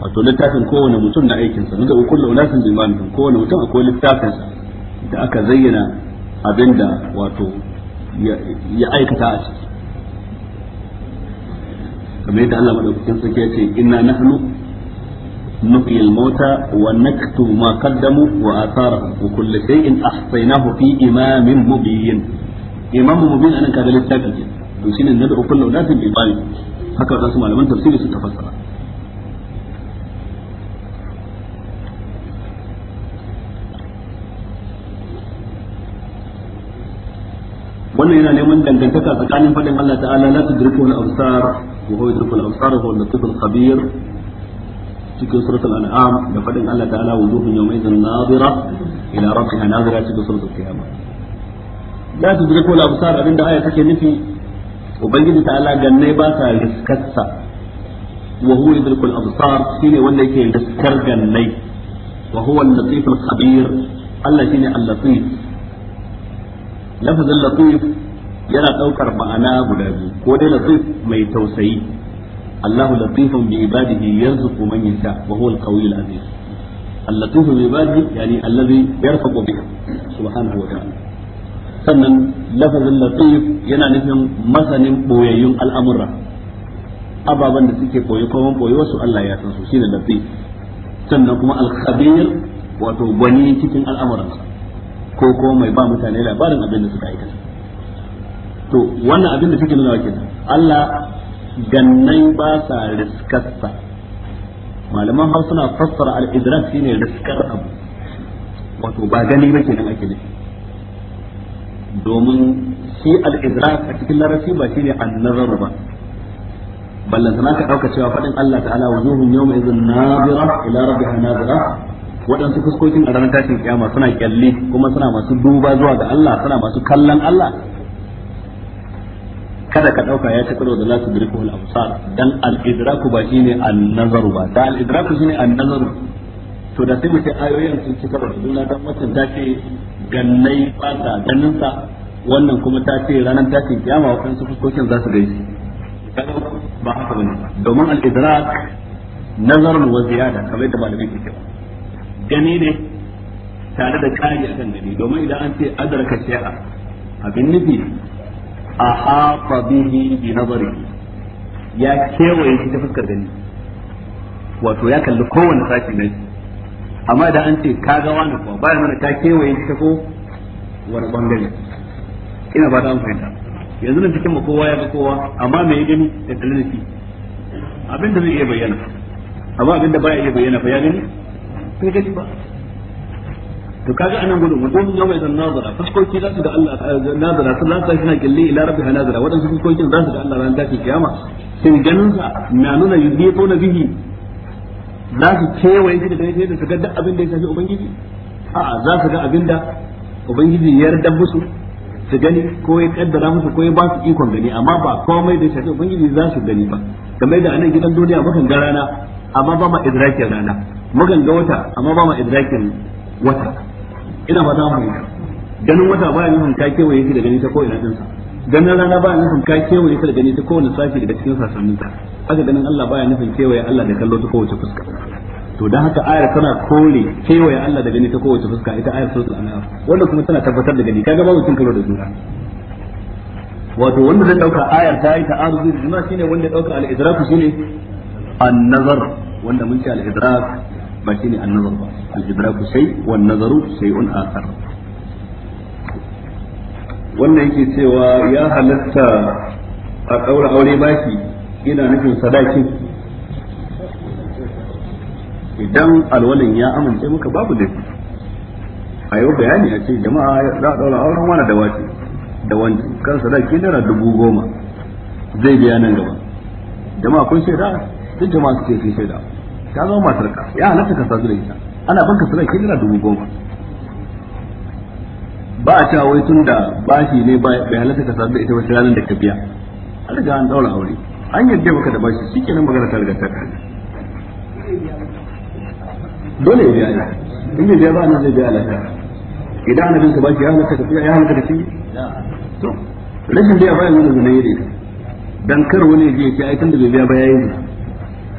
wato littafin kowane mutum na aikinsa wanda a kullu unasin imamin kowane mutum akwai littafin da aka zayyana abinda wato ya aikata a ciki kamar yadda Allah madaukakin sarki ya ce inna nahnu nuqil mauta wa نقي الموتى ونكتب ما قدموا وآثارهم وكل شيء أحصيناه في إمام مبين إمام مبين أنا da littafin to shine nadu da kullu nasin ibani haka wasu malaman tafsiri suka fassara wannan yana neman dangantaka tsakanin fadin Allah ta'ala la tudriku al-absar wa huwa yudriku al-absar wa al-latif al-khabir cikin suratul an'am da fadin Allah ta'ala wujuhun yawmaidhin nadira ila rabbiha nadira cikin suratul qiyamah la tudriku al-absar abinda aya take nufi ubangiji ta'ala ganne ba sa riskarsa wa huwa yudriku al-absar shine wanda yake riskar ganne wa huwa al-latif al-khabir Allah shine al-latif lafazin latif yana daukar ma'ana guda biyu ko dai latif mai tausayi Allahu latifun bi ibadihi yarzuqu man yasha wa huwa al-qawiyyu al-aziz اللطيف بعباده يعني الذي يرفق به سبحانه وتعالى sannan lafazin latif yana nufin masanin boyayyun al'amura ababen da suke koyi kuma koyi wasu Allah ya san su shine latif sannan kuma al wato gwani cikin ko ko mai ba mutane labarin abin da suka aikata to wannan abin da take nuna kenan Allah gannai ba sa riskarsa malaman hausa na fassara al-idrak shine riskar abu wato ba gani ba ke nan ake nufi domin shi al-idrak a cikin larabci ba shine an-nazar ba ballan sana ka dauka cewa fadin Allah ta'ala wujuhun yawma idhin nadira ila rabbiha nadira waɗansu fuskokin a ranar tashin kiyama suna kyalli kuma suna masu duba zuwa ga Allah suna masu kallon Allah kada ka ɗauka ya taɓa da lasu dirku al absar dan al idraku ba shine an nazaru ba da al idraku shine an nazaru to da sai mutum ayoyin sun ci karo na dan mutum ta ce gannai fata ganin sa wannan kuma ta ce ranar tashin kiyama waɗansu fuskokin za su gaishe ba haka bane domin al idrak nazarun wa ziyada kamar yadda malamai ke cewa gani ne tare da kari akan gani domin idan an ce adraka shay'a abin nufi a hafa bihi bi nazari ya kewaye shi ta fuskar gani wato ya kalli kowane sashi na amma idan an ce ka ga wani kuwa bayan mana ta kewaye shi ta ko wani bangare ina ba da an fahimta yanzu nan cikin kowa ya ga kowa amma me ya gani da dalilin shi abin da zai iya bayyana amma abin da baya iya bayyana fa ya gani bai gani ba to kaga anan gudun wajen yau mai zan nazara fuskoki za su ga Allah eh, nazara sun lasa shi na kille ila rabbi ha nazara waɗansu fuskokin za su ga Allah ran tashi kiyama sun ganin sa na nuna yuzeto na bihi za su kewaye shi da daidai da su ga duk abin da ya shafi ubangiji a'a za su ga abin da ubangiji ya yarda musu su gani ko ya kaddara musu ko ya ba su ikon gani amma ba komai da ya shafi ubangiji za su gani ba kamar da anan gidan duniya mukan ga rana amma ba ma idrakin rana mukan ga wata amma ba mu idrakin wata ina ba za mu yi ganin wata ba ya nufin ka kewaye shi da gani ta ko ina dinsa ganin rana ba ya nufin ka kewaye shi da gani ta kowane sashi daga cikin sasannin ta haka ganin Allah ba ya nufin kewaye Allah da kallo ta kowace fuska to dan haka ayar tana kore kewaye Allah da gani ta kowace fuska ita ayar suratul anam wanda kuma tana tabbatar da gani kaga babu cin kallo da juna wato wanda zai dauka ayar ta yi ta'aruzi da juna shine wanda ya dauka al-idraku shine an-nazar wanda mun ce al-idrak ba shine an-nazar ba al-idraku sai wan nazaru shay'un akhar wannan yake cewa ya halatta a ɗaura aure baki ina nufin sadakin idan alwalin ya amince muka babu laifi a yau bayani a ce jama'a za a ɗaura auren wani da wace da wani kan sadaki naira dubu goma zai biya nan gaba jama'a kun shaida duk jama'a suke sun shaida ka zama matar ka ya halatta ka sadu da ita ana banka ke dina dubu goma ba a cewa wai tun da bashi ne bai halatta ka sadu da ita wata ranar da ka biya an riga an daura aure an yarda maka da bashi shikenan magana ta riga ta kare dole ya biya ne in bai biya ba nan zai biya alaka idan ana binka bashi ya halatta ka biya ya halatta ka ya rashin biya bayan wani zanayi da dan kar wani ya je ya ce tun da bai biya ba yayi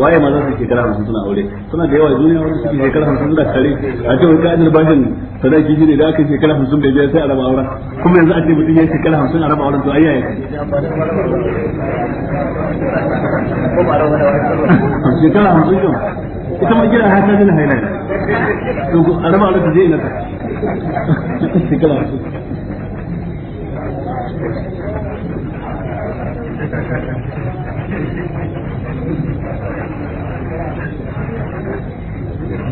waye ma za su shekara hamsin suna aure suna da yawa duniya wani suke shekara hamsin da kare a ce wani ka'adar bashin sadaki shi ne da aka shekara hamsin bai biya sai a raba auren kuma yanzu a ce mutum ya shekara hamsin a raba auren to ayyaye shekara hamsin yau ita ma gina hata jina haina to a raba auren ta je ina ta shekara hamsin Thank you.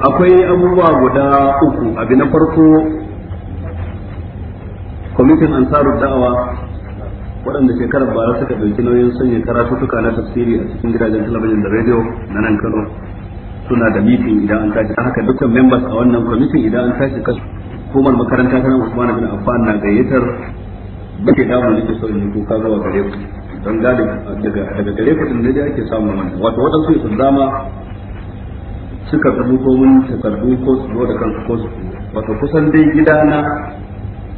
akwai abubuwa guda uku abu na farko kwamitin ansarud da'awa waɗanda shekarar bara suka ɗauki nauyin sanya karatutuka na tafsiri a cikin gidajen talabijin da rediyo na nan kano suna da mitin idan an tashi haka dukkan members a wannan kwamitin idan an tashi kasu hukumar makaranta ta nan usman bin affan na gayyatar dake damu da ke sauyin in kuka zuwa gare ku don galibi daga gare ku din ne ake samun Wata wato wadansu su dama suka tsabu ko mun takardu ko su zo da kansu ko su wato kusan dai gidana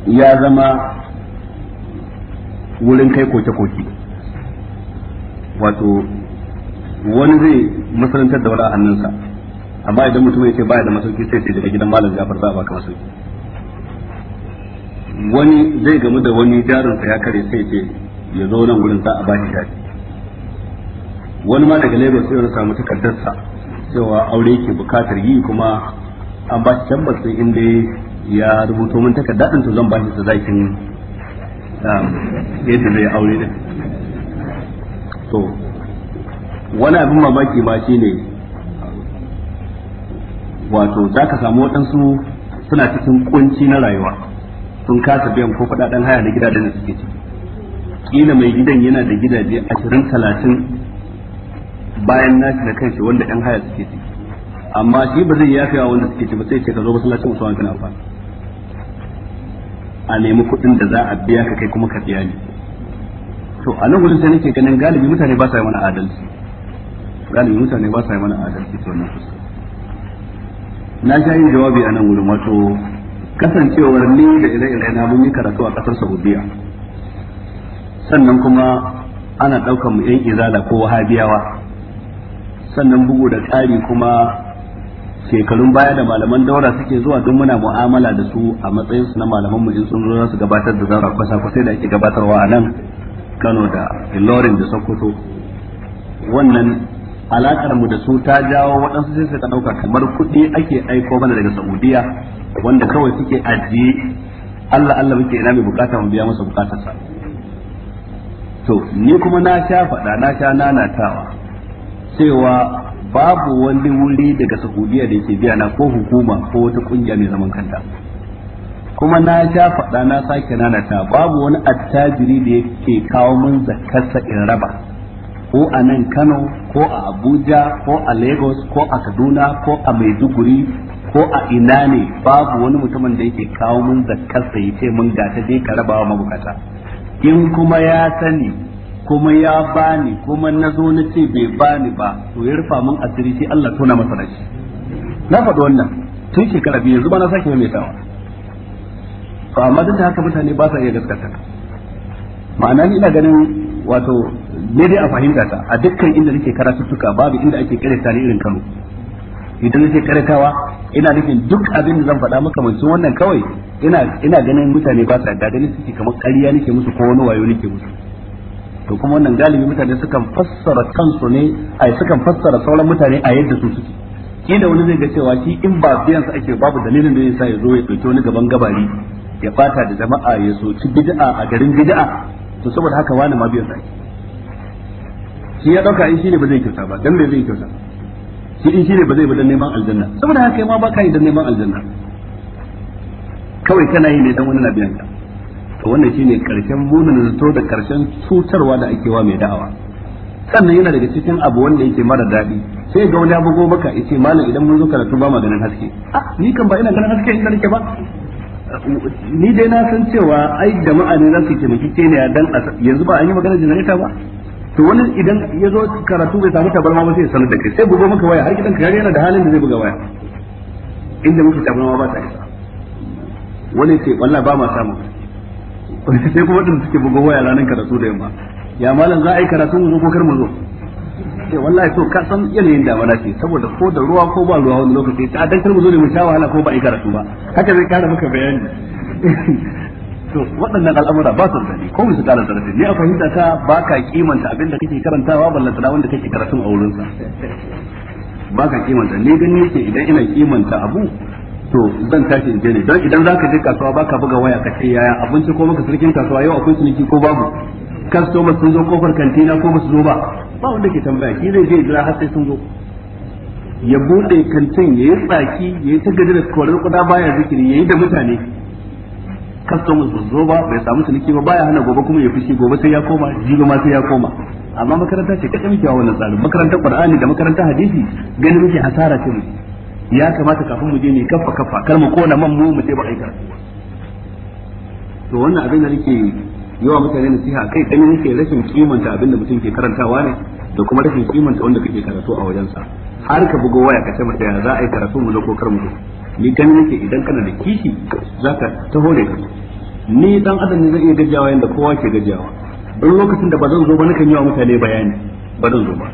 ya zama wurin kai koke-koke wato wani zai masarantar da wani a hannunsa amma idan mutum ya ce baya da masauki sai sai daga gidan malam jafar za a baka masauki wani zai gamu da wani jarinsa ya kare sai ce ya zo nan wurin za a ba shi jari wani ma daga lagos sai wani samu takardarsa cewa aure ke bukatar yi kuma an ba shi tabbas sai in dai ya rubuto min takarda din to zan ba shi sadakin um, yadda zai aure din to wani abin mamaki ma ne wato za ka samu waɗansu suna cikin kunci na rayuwa sun kasa biyan ko kuɗaɗen haya na gidajen da suke ciki kila mai gidan yana da gidaje ashirin talatin bayan nashi da kanshi wanda ɗan haya suke ci amma shi ba zai yafe wa wanda suke ci ba sai ce ka zo masallacin musamman kana ba. a nemi kuɗin da za a biya ka kai kuma ka biya ni to a nan gudun sai nake ganin galibi mutane ba sa yi mana adalci galibi mutane ba sa yi mana adalci to wannan kusa na sha yin jawabi a nan gudun wato kasancewar ni da ire-ire na mun yi karatu a ƙasar Saudiya sannan kuma ana ɗaukar mu yan izala ko wahabiyawa sannan bugu da tsari kuma shekarun baya da malaman daura suke zuwa don muna mu'amala da su a matsayin su na malaman mu in sun zo su gabatar da zaura kwasa kwasai da ake gabatarwa a nan Kano da Ilorin da Sokoto wannan alakar mu da su ta jawo waɗansu sai suka ɗauka kamar kuɗi ake aiko mana daga Saudiya wanda kawai suke ajiye Allah Allah muke ina mai bukata mu biya masa bukatarsa to ni kuma na sha faɗa na sha nanatawa cewa babu wani wuri daga Saudiya da yake biya na ko hukuma ko wata kungiya mai zaman kanta kuma na sha faɗa na sake nanata babu wani attajiri da yake kawo min zakarsa in raba ko a nan Kano ko a Abuja ko a Lagos ko a Kaduna ko a Maiduguri ko a ina ne babu wani mutumin da yake kawo min zakarsa ya ce min ga ta je ka raba wa mabukata in kuma ya sani kuma ya bani kuma na zo na ce bai bani ba to ya rufa min asiri sai Allah tona masa rashi na faɗi wannan tun shekara biyu yanzu ba na sake mai tawa to amma duk da haka mutane ba sa iya gaskata ma'ana ni ina ganin wato ne dai a fahimta ta a dukkan inda nake karatuttuka babu inda ake kare tare irin Kano idan nake karatawa ina nufin duk abin da zan faɗa makamancin wannan kawai ina ina ganin mutane ba sa da ganin suke kamar ƙarya nake musu ko wani wayo nake musu to kuma wannan galibi mutane sukan fassara kansu ne ai sukan fassara sauran mutane a yadda su suke da wani zai ga cewa shi in ba sa ake babu dalilin da zai sa ya zo ya dauki wani gaban gabari ya fata da jama'a ya so ci bid'a a garin bid'a to saboda haka wani ma biyan sa shi ya dauka in shine ba zai kyauta ba dan me zai kyauta shi in shine ba zai ba dan neman aljanna saboda haka kai ma ba ka yi dan neman aljanna kawai kana yi ne dan wani na biyan ka. to wannan shine karshen munin zato da karshen cutarwa da ake wa mai da'awa sannan yana daga cikin abu wanda yake mara daɗi sai ga wani ya bugo maka yace malam idan mun zo karatu ba maganin haske ah ni kan ba ina ganin haske inda nake ba ni dai na san cewa ai jama'a ne za su taimaki ne dan yanzu ba an yi maganar jinaita ba to wani idan ya zo karatu bai samu tabarma ba sai ya sanar da kai sai bugo maka waya har gidan ka yana da halin da zai buga waya inda muke tabarma ba ta isa wani ce wallahi ba ma samu sai kuma wadanda suke bugo waya ranar karatu da yamma ya malam za a yi karatu mu zo ko kar mu zo sai eh, wallahi to ka san yanayin damana ce saboda ko da ruwa ko ba ruwa wani lokaci ta dan kar mu zo ne mu sha wahala ko ba a yi karatu ba haka zai kara maka bayani to waɗannan al'amura ba su da ko su kara darasi ni a fahimta ta ba ka kimanta abin da kake karantawa ballanta da wanda kake karatun a wurinsa ba ka kimanta ni gani yake idan ina kimanta abu to zan tashi in je ne don idan zaka je kasuwa baka buga waya ka ce yaya abinci ko maka sarkin kasuwa yau akwai ciniki ko babu customers sun zo kofar kantina ko basu zo ba ba wanda ke tambaya shi zai je jira har sai sun zo ya bude kantin ya yi tsaki ya yi tagadi da korar kuda baya zikiri ya yi da mutane customers ba zo ba bai samu ciniki ba baya hana gobe kuma ya fushi gobe sai ya koma jibi ma sai ya koma amma makaranta ce kaɗan kyawa wannan tsarin makarantar ƙwar'ani da makarantar hadisi ganin muke hasara ce ya kamata kafin mu je ni kafa kafa kar mu kona man mu mu je ba ai to wannan abin da nake yawa mutane nasiha kai dan yake rashin kimanta abin da mutum ke karantawa ne da kuma rashin kimanta wanda kake karatu a sa har ka bugo waya ka ce mata ya za a yi karatu mu zo ko kar ni dan nake idan kana da kishi zaka taho ne ni dan adam ne zai iya gajiyawa yanda kowa ke gajiyawa don lokacin da ba zan zo ba nakan yi wa mutane bayani ba zan zo ba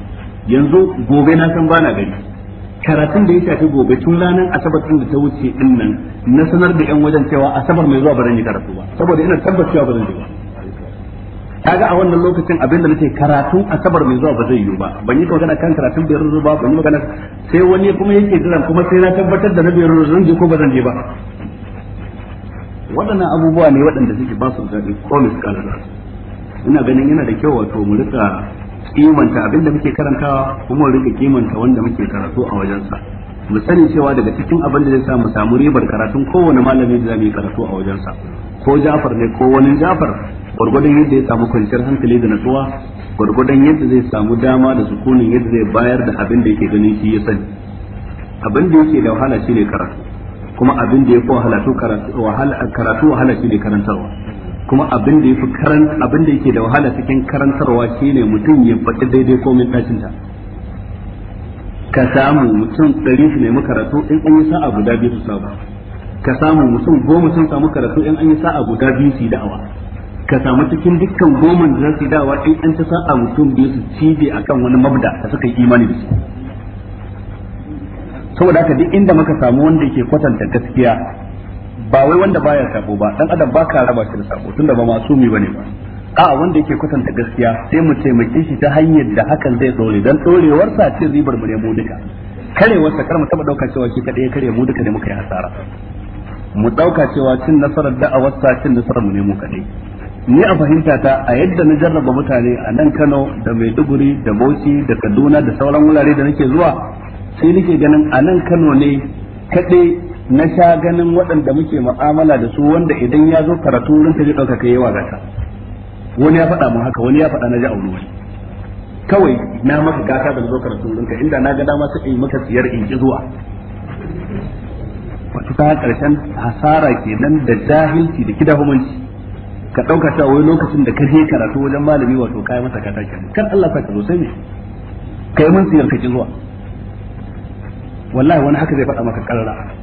yanzu gobe na san bana gani karatun da ya shafi gobe tun ranar asabar din da ta wuce din nan na sanar da yan wajen cewa asabar mai zuwa ba zan yi karatu ba saboda ina tabbacewa ba zan yi ba kaga a wannan lokacin abinda nake karatu asabar mai zuwa ba zai yiwu ba ban yi magana kan karatun biyar ruru ba ban yi magana sai wani kuma yake jiran kuma sai na tabbatar da na biyar ruru zan je ko ba zan je ba waɗannan abubuwa ne waɗanda suke ba su da komis kalar ina ganin yana da kyau wato mu rika kimanta abinda muke karantawa kuma mu rika kimanta wanda muke karatu a wajensa mu sani cewa daga cikin abin da zai sa mu samu ribar karatun kowane malami da zamu karatu a wajensa ko Jafar ne ko wani Jafar gurgurdan yadda ya samu kwanciyar hankali da natsuwa gurgurdan yadda zai samu dama da sukunin yadda zai bayar da abin da yake ganin shi ya sani abin da yake da wahala shine karatu kuma abin da ya karatu wahala karatu wahala shine karantarwa kuma abin da yafi karan abin da yake da wahala cikin karantarwa shine mutum ya faɗi daidai komai tashin ta ka samu mutum ɗari su nemi karatu in an yi sa'a guda biyu su saba ka samu mutum goma sun samu karatu in an yi sa'a guda biyu su yi da'awa ka samu cikin dukkan goma da za su yi da'awa in an ta sa'a mutum biyu su cibe akan wani mabda da suka yi imani da su saboda haka duk inda muka samu wanda yake kwatanta gaskiya ba wai wanda baya sako ba dan adam baka raba shi da sabo tunda ba masumi bane ba a wanda yake kwatanta gaskiya sai mu taimake shi ta hanyar da hakan zai dore dan dorewar sa ce ribar mu ne mu duka karewar sa kar mu taba daukar cewa shi kadai kare mu duka ne muka yi hasara mu dauka cewa cin nasarar da'awar sa cin nasarar mu ne mu kadai ni a fahimta ta a yadda na jarraba mutane a nan Kano da Maiduguri da Bauchi da Kaduna da sauran wurare da nake zuwa sai nake ganin a nan Kano ne kadai na sha ganin waɗanda muke mu'amala da su wanda idan ya zo karatu wurin ta ji ɗauka kai yawa gata wani ya faɗa mun haka wani ya faɗa na ji auri wani kawai na maka gata da zo karatu wurin ka inda na ga dama su in maka siyar in ki zuwa wato ta ƙarshen hasara kenan da jahilci da kidahumanci ka ɗauka cewa wai lokacin da ka je karatu wajen malami wato yi masa kata kenan kar Allah ka zo sai ne kai mun siyar ka ki zuwa wallahi wani haka zai faɗa maka karara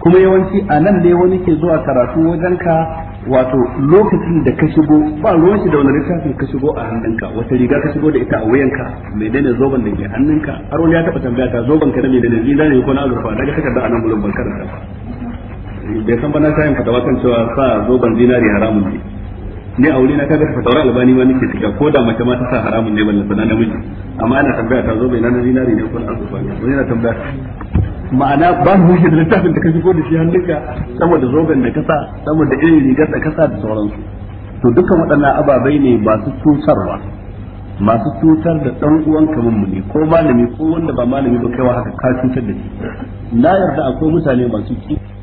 kuma yawanci a nan ne wani ke zuwa karatu wajen ka wato lokacin da ka shigo ba ruwan shi da wani littafin ka shigo a hannunka wata riga ka shigo da ita a wuyanka mai daina zoban da ke hannunka har wani ya taɓa tambaya ta zoban ka na mai daina zina ne ko na azurfa daga takarda a nan bulon ban da bai san bana ta yin fatawa kan cewa sa zoban zinari haramun ne ni a wuri na kaga fatawar albani ma nake shiga ko da mace ma ta sa haramun ne ballan sana namiji amma ana tambaya ta zobe na zinari ne ko na azurfa ne wani na tambaya ma'ana ba mu shi da littafin da ka shigo da shi hannunka saboda zoben da kasa saboda irin rigar da kasa da sauransu to dukkan waɗannan ababai ne masu cutarwa masu cutar da ɗan uwan kamar mu ne ko malami ko wanda ba malami ba kaiwa haka ka cutar da shi na yarda akwai mutane masu ki